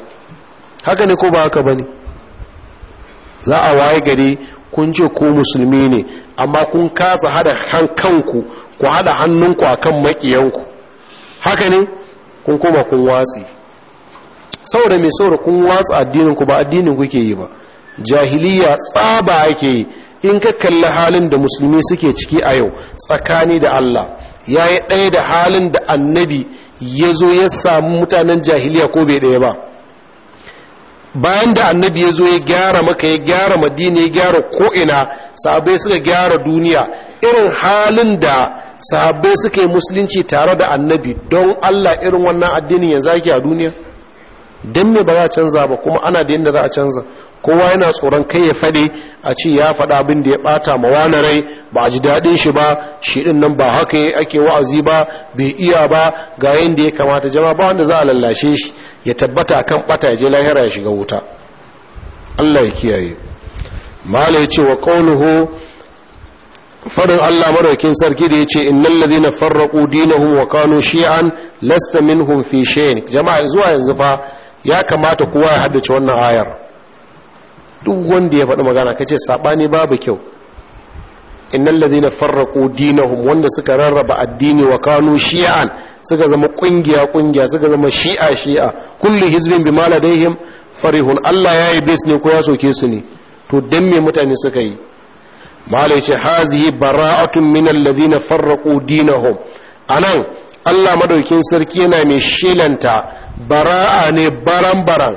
haka ne ko ba haka bane za a waye gari kun ce ko musulmi ne amma kun kasa hada hankanku kanku ku haɗa hannunku a kan maƙiyanku haka ne kun koma kun watsi saboda mai saboda kun watsa addininku ba addinin kuke yi ba jahiliya tsaba ake yi in ka kalli halin da musulmi suke ciki a yau tsakani da allah ya yi ɗaya da halin da annabi ya zo ya samu mutanen jahiliya ko bai ɗaya ba bayan da annabi ya zo ya gyara maka ya gyara madina ya gyara ko'ina sabai suka gyara duniya irin halin da sahabbai suke musulunci tare da annabi don allah irin wannan addini yanzu ake a duniya don me ba za a canza ba kuma ana da yadda za a canza kowa yana tsoron kai ya fade a ce ya faɗa abin da ya ɓata ma rai ba a ji daɗin shi ba shi ɗin nan ba haka ya ake wa'azi ba bai iya ba ga da ya kamata jama'a ba wanda za a lallashe shi ya tabbata kan ɓata ya je lahira ya shiga wuta allah ya kiyaye mala ya ce wa ƙaunuhu Farin Allah maraukin sarki da ya ce innal ladina farraqu dinahum wa kanu shi'an lasta minhum fi shay'in jama'a zuwa yanzu fa ya kamata kowa ya haddace wannan ayar duk wanda ya faɗi magana kace sabani babu kyau innal ladina farraqu dinahum wanda suka rarraba addini wa kanu shi'an suka zama kungiya kungiya suka zama shi'a shi'a kullu hizbin bima ladayhim farihun Allah yayi base ne ko ya soke su ne to dan me mutane suka yi malai ce hazihi bara'atun min alladhina farraqu dinahum anan Allah madaukin sarki yana mai shilanta bara'a ne baran-baran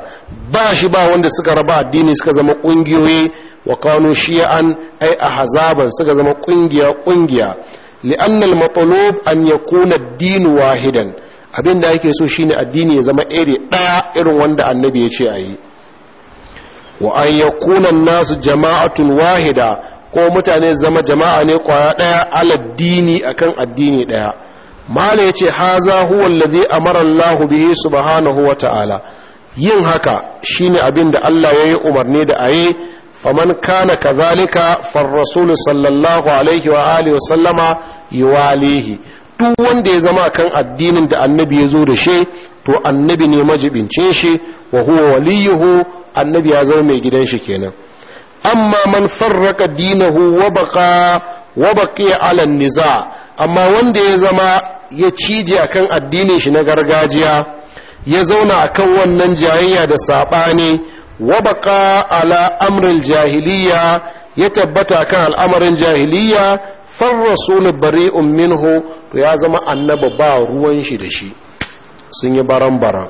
ba shi ba wanda suka raba addini suka zama ƙungiyoyi wa kano shi'an ai hazaban suka zama ƙungiya kungiya li'annal matalub an yakuna ad-din wahidan abin da yake so shine addini ya zama iri ɗaya irin wanda annabi ya ce a yi wa an yakuna an-nasu jama'atun wahida ko mutane zama jama'a ne kwaya daya aladdini akan addini daya mala yace haza huwa allazi amara Allah bihi subhanahu wa ta'ala yin haka shine abin da Allah yayi umarni da ayi faman kana kazalika rasul sallallahu alaihi wa alihi wa sallama yuwalihi duk wanda ya zama kan addinin da annabi ya zo da shi to annabi ne majibince shi wa huwa waliyuhu annabi ya zama mai gidan shi kenan amma man farraka dinahu wa baqa ala niza amma wanda ya zama ya cije akan addinin shi na gargajiya ya zauna akan wannan jayayya da sabani wa baqa ala amril jahiliya ya tabbata kan al'amarin jahiliya farrasul bari'un minhu to ya zama annaba ba ruwan shi da shi sun yi baran-baran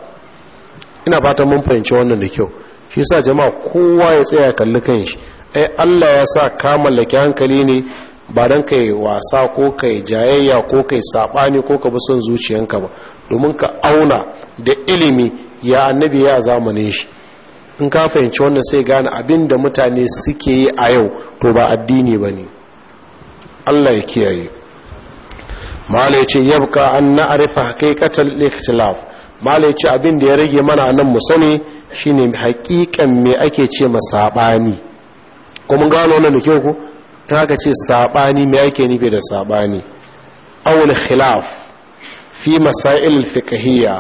ina fatan mun fahimci wannan da kyau shi sa jama'a kowa ya tsaya kalli kan shi ai Allah ya sa ka mallaki hankali ne ba don ka wasa ko ka jayayya ko kai yi saɓani ko ka bi son zuciyanka ba domin ka auna da ilimi ya annabi ya zamanin shi in ka fahimci wannan sai gane abin da mutane suke yi a yau to ba addini ba ne allah ya kiyaye malai ce yabka an na'arifa kai katal ikhtilaf mala ce abin da ya rage mana nan mu sani shine hakikan me ake ce ma saɓani kuma gano wannan da kyau ko ta ka ce saɓani me ake nufi da sabani awul khilaf fi masail fiqhiyya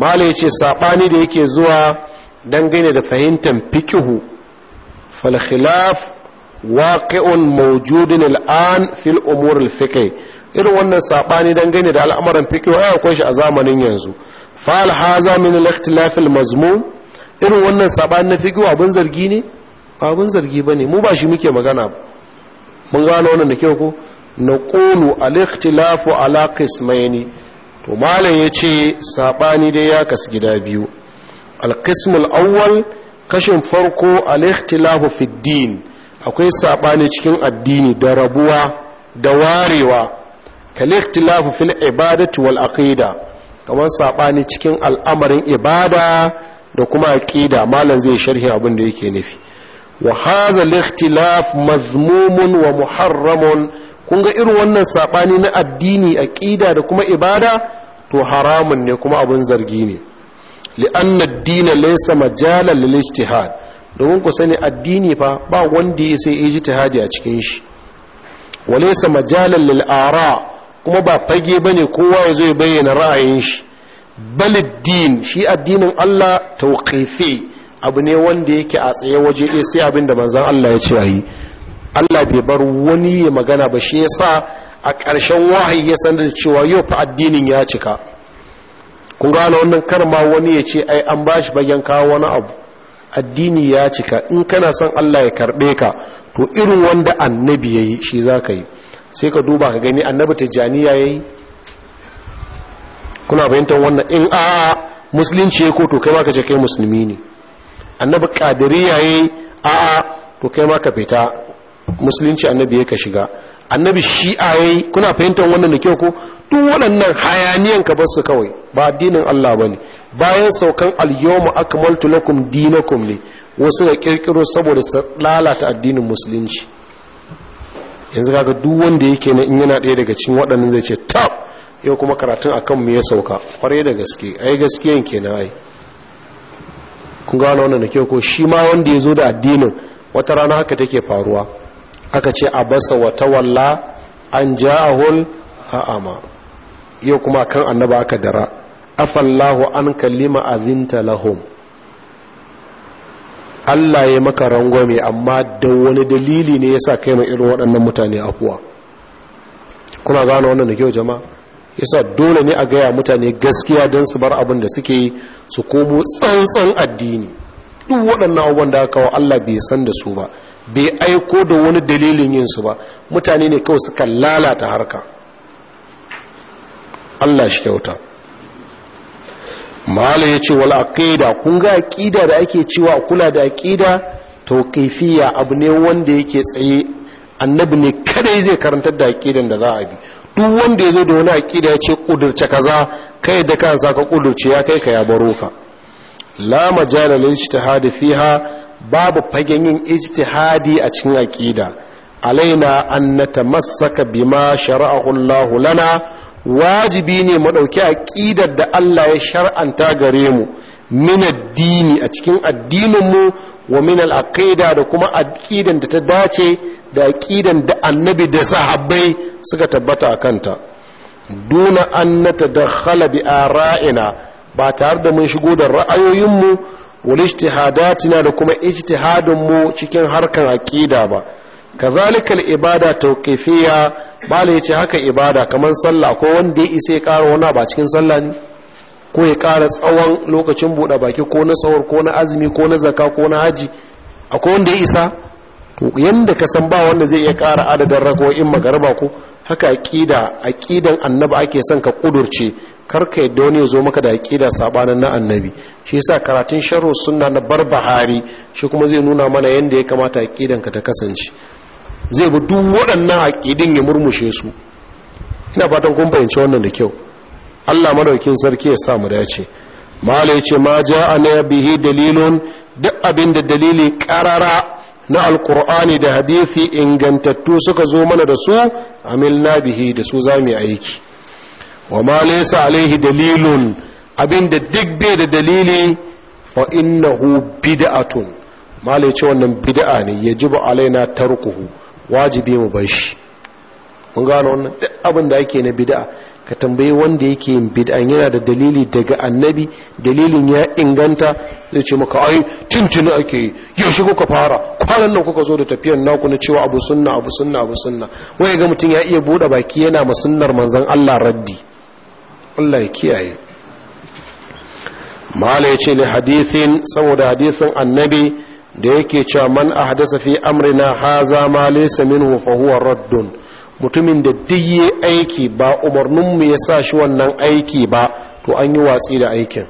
mala saɓani da yake zuwa dangane da fahimtar fikihu fal khilaf waqi'un mawjudun al'an fil umur al irin wannan saɓani dangane da al'amuran fiqh ai akwai shi a zamanin yanzu fa'al haza min al-ikhtilaf al-mazmum irin wannan na fiqh abun zargi ne abun zargi bane mu ba shi muke magana mun gano wannan da kyau ko naqulu al-ikhtilafu ala qismayn to malam yace sabani dai ya kasu gida biyu al-qism al-awwal kashin farko a ikhtilafu fi din akwai sabani cikin addini da rabuwa da warewa kal fil ibadati wal aqida kamar saɓani cikin al'amarin ibada da kuma aƙida malam zai sharhi abin da yake nufi wa haza likhtilaf mazmumun wa muharramun kun ga irin wannan saɓani na addini aƙida da kuma ibada to haramun ne kuma abun zargi ne li'anna addina laysa majalan lil ijtihad domin ku sani addini fa ba wanda ya sai ijtihadi a cikin shi wa laysa majalan lil ara' kuma ba fage ba ne kowa ya zo ya bayyana ra'ayin shi baliddin shi addinin Allah taukaife abu ne wanda yake a tsaye waje ɗaya sai abin da manzon Allah ya ce a yi Allah bai bar wani ya magana ba shi yasa a ƙarshen wahayi ya sanar da cewa yau fa addinin ya cika kun gane wannan ma wani ya ce ai an bashi bayan kawo wani abu addini ya cika in kana son Allah ya karɓe ka to irin wanda annabi yayi shi za ka yi sai ka duba ka gani annabi ya yi kuna bayyantar wannan in a musulunci ya koto to kai ma ka kai musulmi ne annabi ya yi a a to kai ma fita musulunci annabi ya ka shiga annabi shi'a yi kuna fahimtar wannan da kyau ko duk waɗannan hayaniyan ka basu kawai ba addinin Allah ba ne bayan saukan al-yawma akmaltu lakum dinakum ne wasu da kirkiro saboda lalata addinin musulunci yanzu kaga duk wanda yake na in yana ɗaya daga cikin waɗannan zai ce tab yau kuma karatun akan mu ya sauka kwarai da gaske ai gaskiyan kenan ai kun gano wannan na ke ko shi ma wanda ya zo da addinin wata rana haka take faruwa aka ce a basa wata walla an ja'ahul a'ama yau kuma kan annaba aka dara afallahu an kallima azinta lahum Allah ya maka rangwame amma da wani dalili ne ya sa kai mai irin waɗannan mutane afuwa kuna gano wannan da kyau jama'a yasa dole ne a gaya mutane gaskiya don su bar abin da suke yi su komo tsantsan addini duk waɗannan abubuwan da aka kawo Allah bai san da su ba bai aiko da wani dalilin yin su ba mutane ne kawai suka lalata harka Allah shi kyauta mala ya ce wala aqida kun ga aqida da ake cewa kula da aqida to kaifiya abu ne wanda yake tsaye annabi ne kada zai karantar da aqidan da za a bi duk wanda yazo da wani aqida ya ce kudurce kaza kai da kansa ka kudurce ya kai ka ya baro ka la majala lil ijtihad fiha babu fagen yin ijtihadi a cikin aqida alaina an natamassaka bima shara'ahu Allahu lana wajibi ne mu ɗauki aƙidar da Allah ya shar'anta gare mu min addini a cikin addininmu wa min al'aqida da kuma aƙidan da ta dace da aƙidan da annabi da sahabbai suka tabbata a kanta duna an na tadakhala bi ara'ina ba tare da mun shigo da ra'ayoyinmu wal ijtihadatina da kuma mu cikin harkan aƙida ba kazalika ibada tawqifiyya bala yace haka ibada kamar sallah ko wanda ya isa ya kara wani ba cikin sallah ne ko ya kara tsawon lokacin buɗe baki ko na sahur ko na azumi ko na zaka ko na haji akwai wanda ya isa to yanda ka san ba wanda zai iya kara adadin in magarba ko haka aqida aqidan annabi ake son ka kudurce kar ka yadda wani ya zo maka da aqida sabanin na annabi shi yasa karatun sharhu sunna na barbahari shi kuma zai nuna mana yanda ya kamata aqidan ka ta kasance zai bi duk waɗannan aƙidin ya murmushe su ina fatan kun fahimci wannan da kyau Allah madaukin sarki ya sa mu dace mala yace ma ja'a na bihi dalilun duk abin da dalili qarara na alqur'ani da hadisi ingantattu suka zo mana da su amilna bihi da su za mu aiki wa ma laysa alaihi dalilun abin da duk bai da dalili fa innahu bid'atun mala yace wannan bid'a ne yajibu alaina tarkuhu wajibi mu bar shi mun gano wannan duk abin da ake na bid'a ka tambayi wanda yake yin bid'a yana da dalili daga annabi dalilin ya inganta zai ce maka ai tuntuni ake yi yaushe kuka fara kwanan nan kuka zo da tafiyar naku na cewa abu sunna abu sunna abu sunna wai ga mutum ya iya bude baki yana ma sunnar manzon Allah raddi Allah ya kiyaye mala yace ne hadithin saboda hadithin annabi da yake cewa man ahdasa fi amrina haza ma laysa minhu fa huwa raddun mutumin da duk aiki ba umarnin mu yasa shi wannan aiki ba to an yi watsi da aikin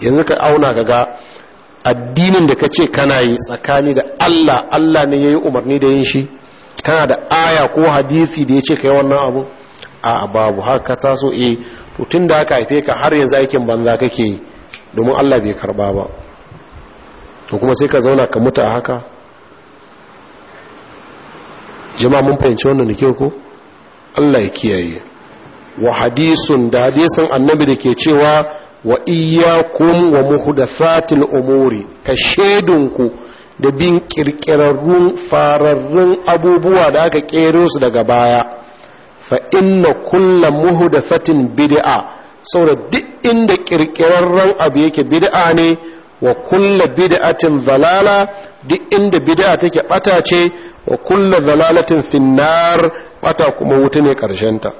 yanzu ka auna kaga addinin da kace kana yi tsakani da Allah Allah ne yayi umarni da yin shi kana da aya ko hadisi da yace kai wannan abu a babu haka taso eh to tunda ka haife ka har yanzu aikin banza kake yi domin Allah bai karba ba to kuma sai ka zauna ka mutu a haka jama'a mun fahimci wannan nake ko Allah ya kiyaye wa hadisun da hadisin annabi da ke cewa wa iyyakum wa muhdathatil umuri ka shedunku da bin kirkirarrun fararrun abubuwa da aka kero su daga baya fa inna kulla muhdathatin bid'a saboda duk inda kirkirarren abu yake bid'a ne wa kulla bid'atin zalala duk inda bid'a take bata ce wa kulla zalalatin finnar bata kuma wuta ne karshen ta.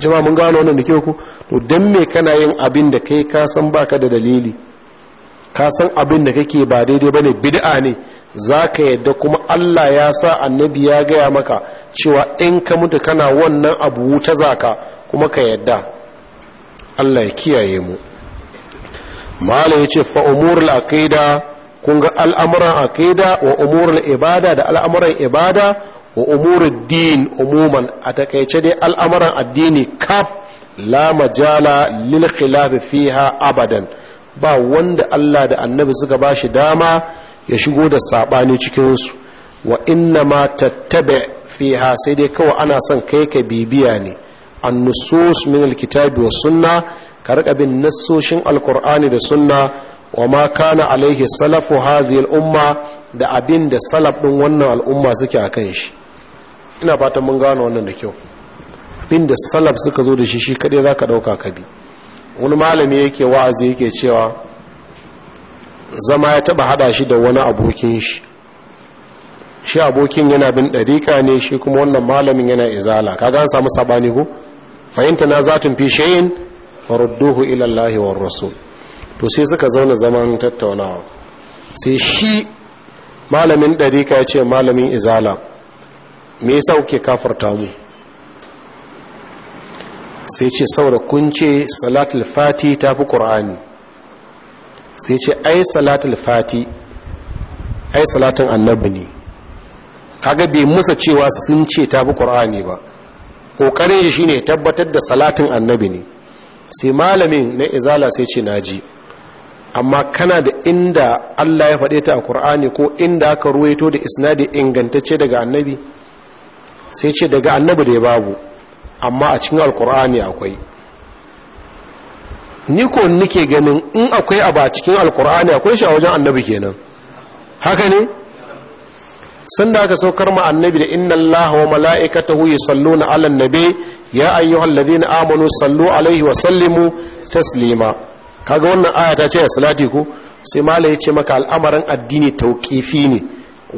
jama'a mun gano wannan da ku to dan me kana yin abin da kai ka san baka da dalili ka san abin da kake ba daidai bane bid'a ne zaka yadda kuma Allah ya sa annabi ya gaya maka cewa in ka mutu kana wannan abu wuta zaka kuma ka yadda Allah ya kiyaye mu malam ya ce fa umurul aqida kun ga al'amuran aqida wa umurul ibada da al'amuran ibada wa umurul din umuman a takaice dai al'amuran addini kaf la majala lil fiha abadan ba wanda Allah da annabi suka bashi dama ya shigo da saɓani cikinsu wa inna ma tattabe fiha sai dai kawai ana son kai ka bibiya ne annusus min alkitabi wa sunna ka rika bin nassoshin alkur'ani da sunna wa ma kana alaihi salafu hadhihi al'umma da abin da salaf ɗin wannan al'umma suke a kan shi ina fatan mun gano wannan da kyau abin da salaf suka zo da shi shi kadai zaka dauka ka bi wani malami yake wa'azi yake cewa zama ya taba hada shi da wani abokin shi shi abokin yana bin ɗarika ne shi kuma wannan malamin yana izala ka an samu sabani ko fahimta na zatun fi shayin farudduhu ila Allah wa rasul to sai suka zauna zaman tattaunawa sai shi malamin ɗarika ya ce malamin izala me yasa kuke kafarta mu sai ce saboda kun ce salatul fati tafi qur'ani sai ce ai salatul fati ai salatin annabi ne kaga bai musa cewa sun ce tafi qur'ani ba kokarin shi shine tabbatar da salatin annabi ne sai malamin na izala sai ce naji amma kana da inda Allah ya faɗe ta a Kur'ani ko inda aka ruwaito da isnadi ingantacce daga annabi sai ce daga annabi da ya babu amma a cikin alkur'ani akwai ni ko nike ganin in akwai abu a cikin alkur'ani akwai shi a wajen annabi kenan haka ne sun da aka saukar ma annabi da inna Allah wa mala'ikatahu na 'alan nabe ya na amanu sallu alaihi wa sallimu taslima kaga wannan aya ta ce salati ko sai mala ya ce maka al'amarin addini wukifi ne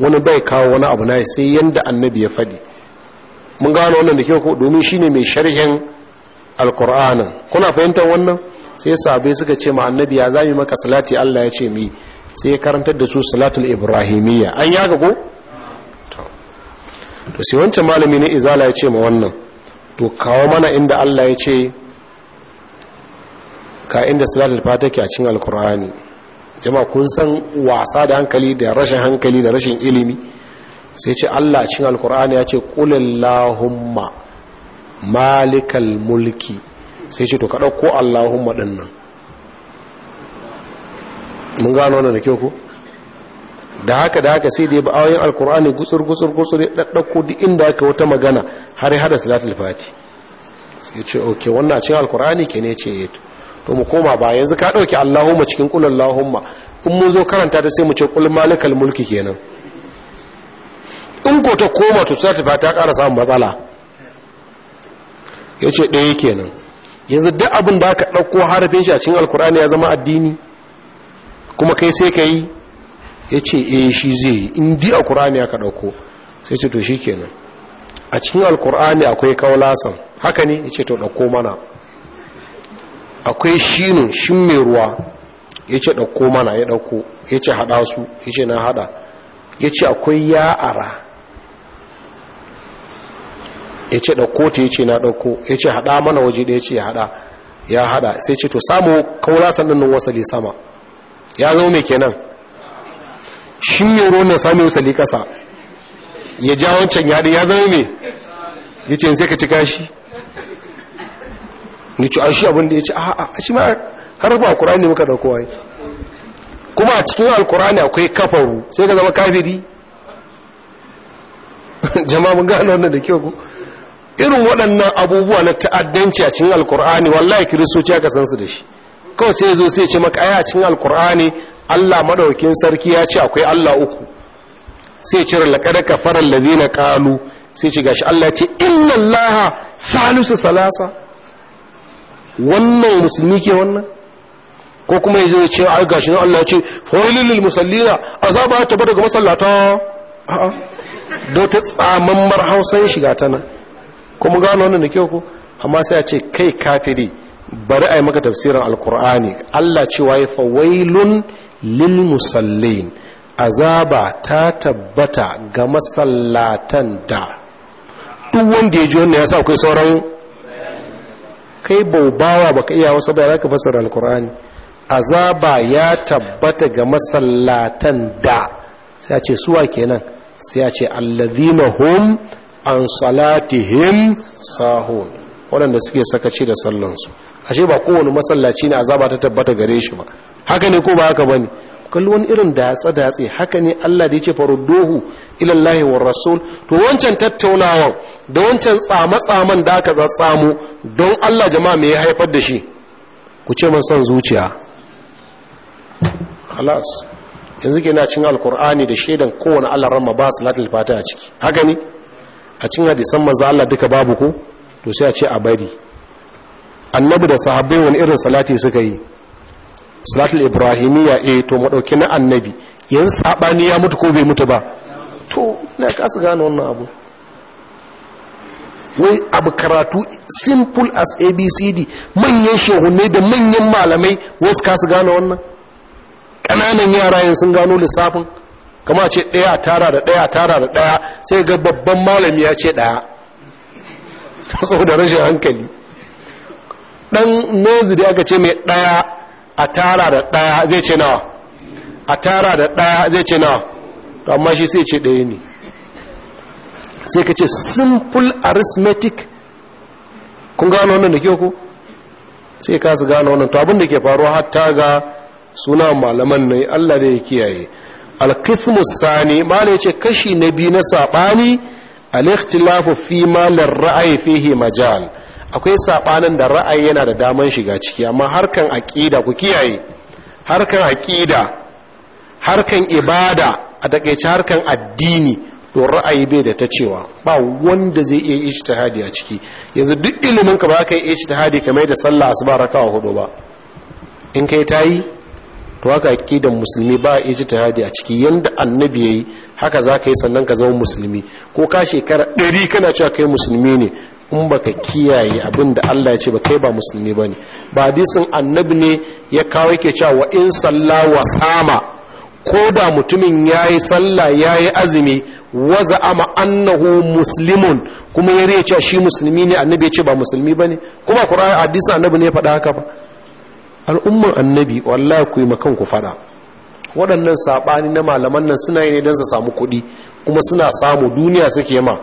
wani bai kawo wani abu na sai yanda annabi ya fadi mun gano wannan da kyau ko domin ne mai sharhin alqur'anin kuna fahimtar wannan sai sabai suka ce ma annabi ya zami maka salati Allah ya ce mi sai ya karantar da su salatul ibrahimiyya an yaga ko to sai wancan malami ne izala ya ce ma wannan to kawo mana inda Allah ya ce ka inda salatul ke a cikin alkur'ani jama kun san wasa da hankali da rashin hankali da rashin ilimi sai ce Allah cikin alkur'ani ya ce kulillahumma malikal mulki sai ce to ka dauko allahumma dinnan mun gano wannan da kyau ko da haka da haka sai da ya ba ayoyin alkur'ani gusur gusur gusur ya daddako duk inda aka wata magana har ya hada salatul fati sai ce okay wannan a cikin alkur'ani ke ne ce yato eh, to mu koma ba yanzu ka dauki allahumma cikin qul allahumma in mun zo karanta ta sai mu ce qul malikal mulki kenan in ko ta koma to salatul fati ta ƙara samun matsala yace ɗaya kenan yanzu duk abin da aka dauko harafin shi a cikin alkur'ani ya zama addini kuma kai sai ka yi ya ce e shi zai indi a ƙur'ani aka ɗauko sai ce to shi kenan a cikin alƙur'ani akwai kawalasan haka ne ya ce to ɗauko mana akwai shinin shin mai ruwa ya ce ɗauko mana ya ɗauko ya ce haɗa su ya ce na haɗa ya ce akwai ya'ara ya ce ɗauko ta ya ce na ɗauko ya ce haɗa mana waje da ce ya haɗa ya haɗa sai ce to samu kaulasan nan wasali sama ya zo mai kenan shi ya ruwan sami wasa sali kasa ya ja wancan yari ya zama mai ya ce sai ka ci kashi ni ci ashi abinda ya ce a a shi ma har ba alkurani muka da kowai kuma a cikin alkurani akwai kafaru sai ka zama kafiri (laughs) jama'a mun gano wannan da kyau ku irin waɗannan abubuwa na ta'addanci a cikin alkur'ani wallahi kiristoci aka san su da shi kawai sai zo sai ce maka aya cikin alkur'ani Allah madaukin sarki ya ce akwai Allah uku sai cire laƙada kafarar na kalu sai ci gashi Allah ce inna Allah salisu salasa wannan musulmi ke wannan ko kuma zai ce ai gashi ne Allah ce fawailul lil musallina azaba ta ga masallata a'a da ta tsamammar hausan shiga ta nan kuma gano wannan da kyau ko amma sai a ce kai kafiri bari a yi maka tafsirin alkur'ani allah cewa ya fawailun للمصلين عذاب azaba ta tabbata ga masallatan da duk wanda ya ji wannan ya sa akwai sauran kai baubawa baka iya wasu ba za ka fasara alkur'ani azaba ya tabbata ga masallatan da sai ce suwa kenan sai a ce allazina hum an salatihim sahun waɗanda suke sakaci da sallansu ashe ba kowane masallaci ne azaba ta tabbata gare shi ba haka ne ko ba haka bane kalli wani irin datsa datse haka ne Allah da ya ce farudduhu ila Allah wa rasul to wancan tattaunawan da wancan tsama-tsaman da aka tsatsamo don Allah jama'a me ya haifar da shi ku ce man son zuciya خلاص yanzu ke na cin alkur'ani da shaidan kowane allah ramma ba salatul fata a ciki haka ne a cin hadisan maza allah duka babu ko to sai a ce a bari annabi da sahabbai wani irin salati suka yi salatul ibrahimiyya eh to mu dauki na annabi yanzu sabani ya mutu ko bai mutu ba to na kasu gane wannan abu wai abu karatu simple as abcd manyan shehunne da manyan malamai wasu kasu gane wannan ƙananan yara yin sun gano lissafin kama ce ɗaya tara da ɗaya tara da ɗaya sai ga babban malami ya ce ɗaya (laughs) saboda rashin hankali dan naziri aka ce mai daya a tara da daya zai ce nawa a tara da daya zai ce nawa to amma shi sai ce daya ne sai ka ce simple arithmetic kun gano wannan da ke ku? sai ka su gano wannan to abin da ke faruwa hatta ga suna malaman ne Allah da ya kiyaye Alkismus sani sani mala ce kashi na biyu na sabani al-ikhtilafu fi ma ra'ayi rayi fihi majal akwai sabanin da ra'ayi yana da daman shiga ciki amma harkan aqida ku kiyaye harkan aqida harkan ibada a takeice harkan addini to ra'ayi bai da ta cewa ba wanda zai iya ijtihadi a ciki yanzu duk ilimin ka ba ka yi ijtihadi kamar da sallah asuba raka hudu ba in kai tayi to haka aqidan musulmi ba ijtihadi a ciki yanda annabi yayi haka zaka yi sannan ka zama musulmi ko ka shekara 100 kana cewa kai musulmi ne in baka kiyaye abinda Allah ya ce ba kai ba musulmi ba ne ba disin annabi ne ya kawo yake cewa wa in salla wa sama ko da mutumin ya yayi sallah yi azumi wa za'ama annahu muslimun kuma ya rece shi musulmi ne annabi ya ce ba musulmi bane kuma raya hadisin annabi ne ya faɗa haka ba al'umman annabi wallahi ku yi makan ku faɗa waɗannan saɓani na malaman nan suna yi ne don su samu kuɗi kuma suna samu duniya suke ma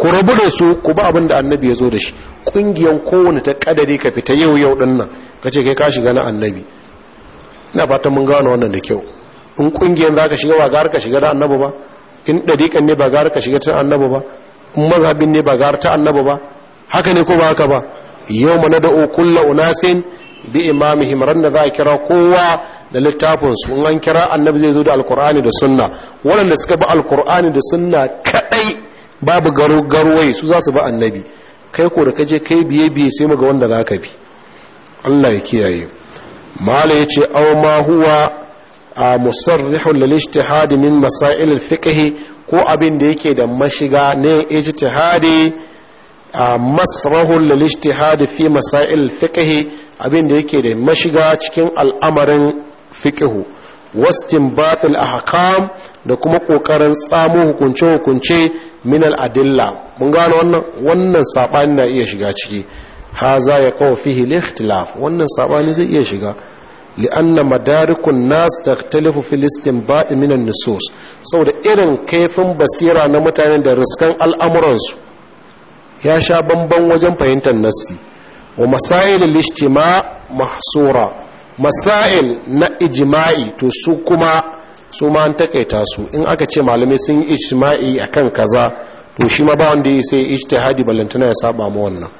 ku rabu da su ku ba abin da annabi ya zo da shi ƙungiyar kowane ta ƙadari ka fita yau yau ɗin nan ka ce kai ka shiga na annabi ina fatan mun gano wannan da kyau in ƙungiyar za ka shiga ba gara ka shiga da annabi ba in ɗariƙan ne ba gara ka shiga ta annabi ba in mazhabin ne ba gara ta annabi ba haka ne ko ba haka ba yau mana da okulla unasin bi imamihim ran da za a kira kowa da littafinsu in an kira annabi zai zo da alkur'ani da sunna waɗanda suka bi alkur'ani da sunna kaɗai babu garwai su za su ba annabi kai ko da kaje kai biye biye sai muga wanda za ka bi Allah ya kiyaye mala yace ce aw ma huwa a lil ijtihad min masail al fiqh ko abin da yake da mashiga ne ijtihadi a lil ijtihad fi masail al fiqh abin da yake da mashiga cikin al'amarin fiqh a ahkam da kuma kokarin tsamo hukunce hukunce minal adilla mun gano wannan wannan saɓani na iya shiga ciki ha za ya kawo fihi likhtilaf wannan saɓani zai iya shiga li'anna madarikun nas taktalifu filistin ba'i minan nusus saboda irin kaifin basira na mutane da riskan al'amuransu ya sha bamban wajen fahimtar nassi wa masail al-ijtima mahsura masail na Ijima'i to su kuma su ma an takaita su in aka ce malamai sun yi a kan kaza to shi ma ba wanda ya sai hadi balantana ya saba ma wannan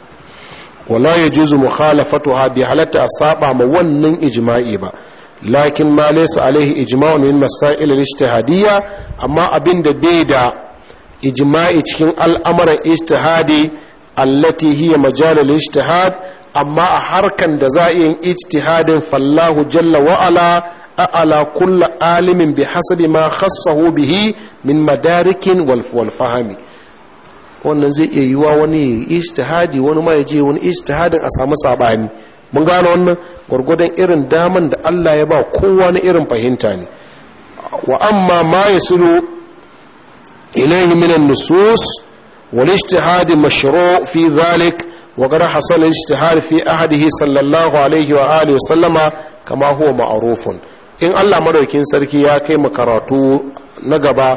wala ya yajuzu mukhalafatuha bi halatta a saba ma wannan ijima'i ba lakin ma laysa alaihi ijma'un min masail al-ijtihadiyya amma abinda bai da ijma'i cikin al'amuran ijtihadi allati hiya majal al-ijtihad amma a harkan da za a yin ijtihadin fallahu jalla wa'ala ala kulla alimin bi hasabi ma khassahu bihi min madarikin wal fahami wannan zai iya yiwa wani ijtihadi wani ma yaje wani ijtihadin a samu sabani mun gane wannan gurgudan irin daman da Allah ya ba kowa na irin fahimta ne wa amma ma yasilu ilayhi min an-nusus wal ijtihad mashru' fi dhalik wa qad hasala ijtihad fi ahadihi sallallahu alayhi wa alihi wa sallama kama huwa ma'rufun in allah maraukin sarki ya kai mu karatu na gaba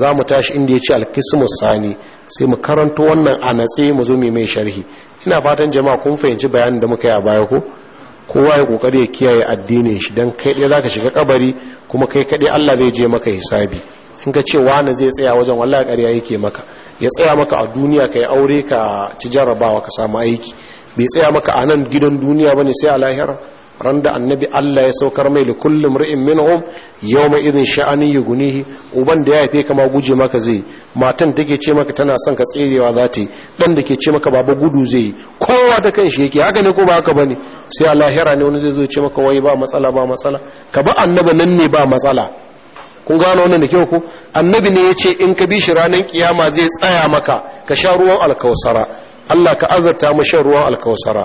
za mu tashi inda ya ce alkismus sani sai mu karanto wannan a natse mu zo mai sharhi ina fatan jama'a kun fahimci bayanin da muka yi a baya ko kowa ya kokari ya kiyaye addinin shi dan kai dai zaka shiga kabari kuma kai kadai Allah zai je maka hisabi in ka ce wani zai tsaya wajen wallahi ƙarya yake maka ya tsaya maka a duniya kai aure ka ci jarabawa ka samu aiki bai tsaya maka a nan gidan duniya bane sai a lahira randa annabi Allah ya saukar mai li kullum ri'in minhum yawma idhin sha'ani yughnihi uban da ya haife kama guje maka zai matan take ce maka tana son ka tserewa za ta yi dan da ke ce maka baba gudu zai kowa da kan shi yake haka ne ko ba haka bane sai a lahira ne wani zai zo ce maka wai ba matsala ba matsala ka ba annabi nan ne ba matsala kun gano wannan da kyau ko annabi ne ya ce in ka bi shi ranar kiyama zai tsaya maka ka sha ruwan alkausara Allah ka azarta mu shan ruwan alkausara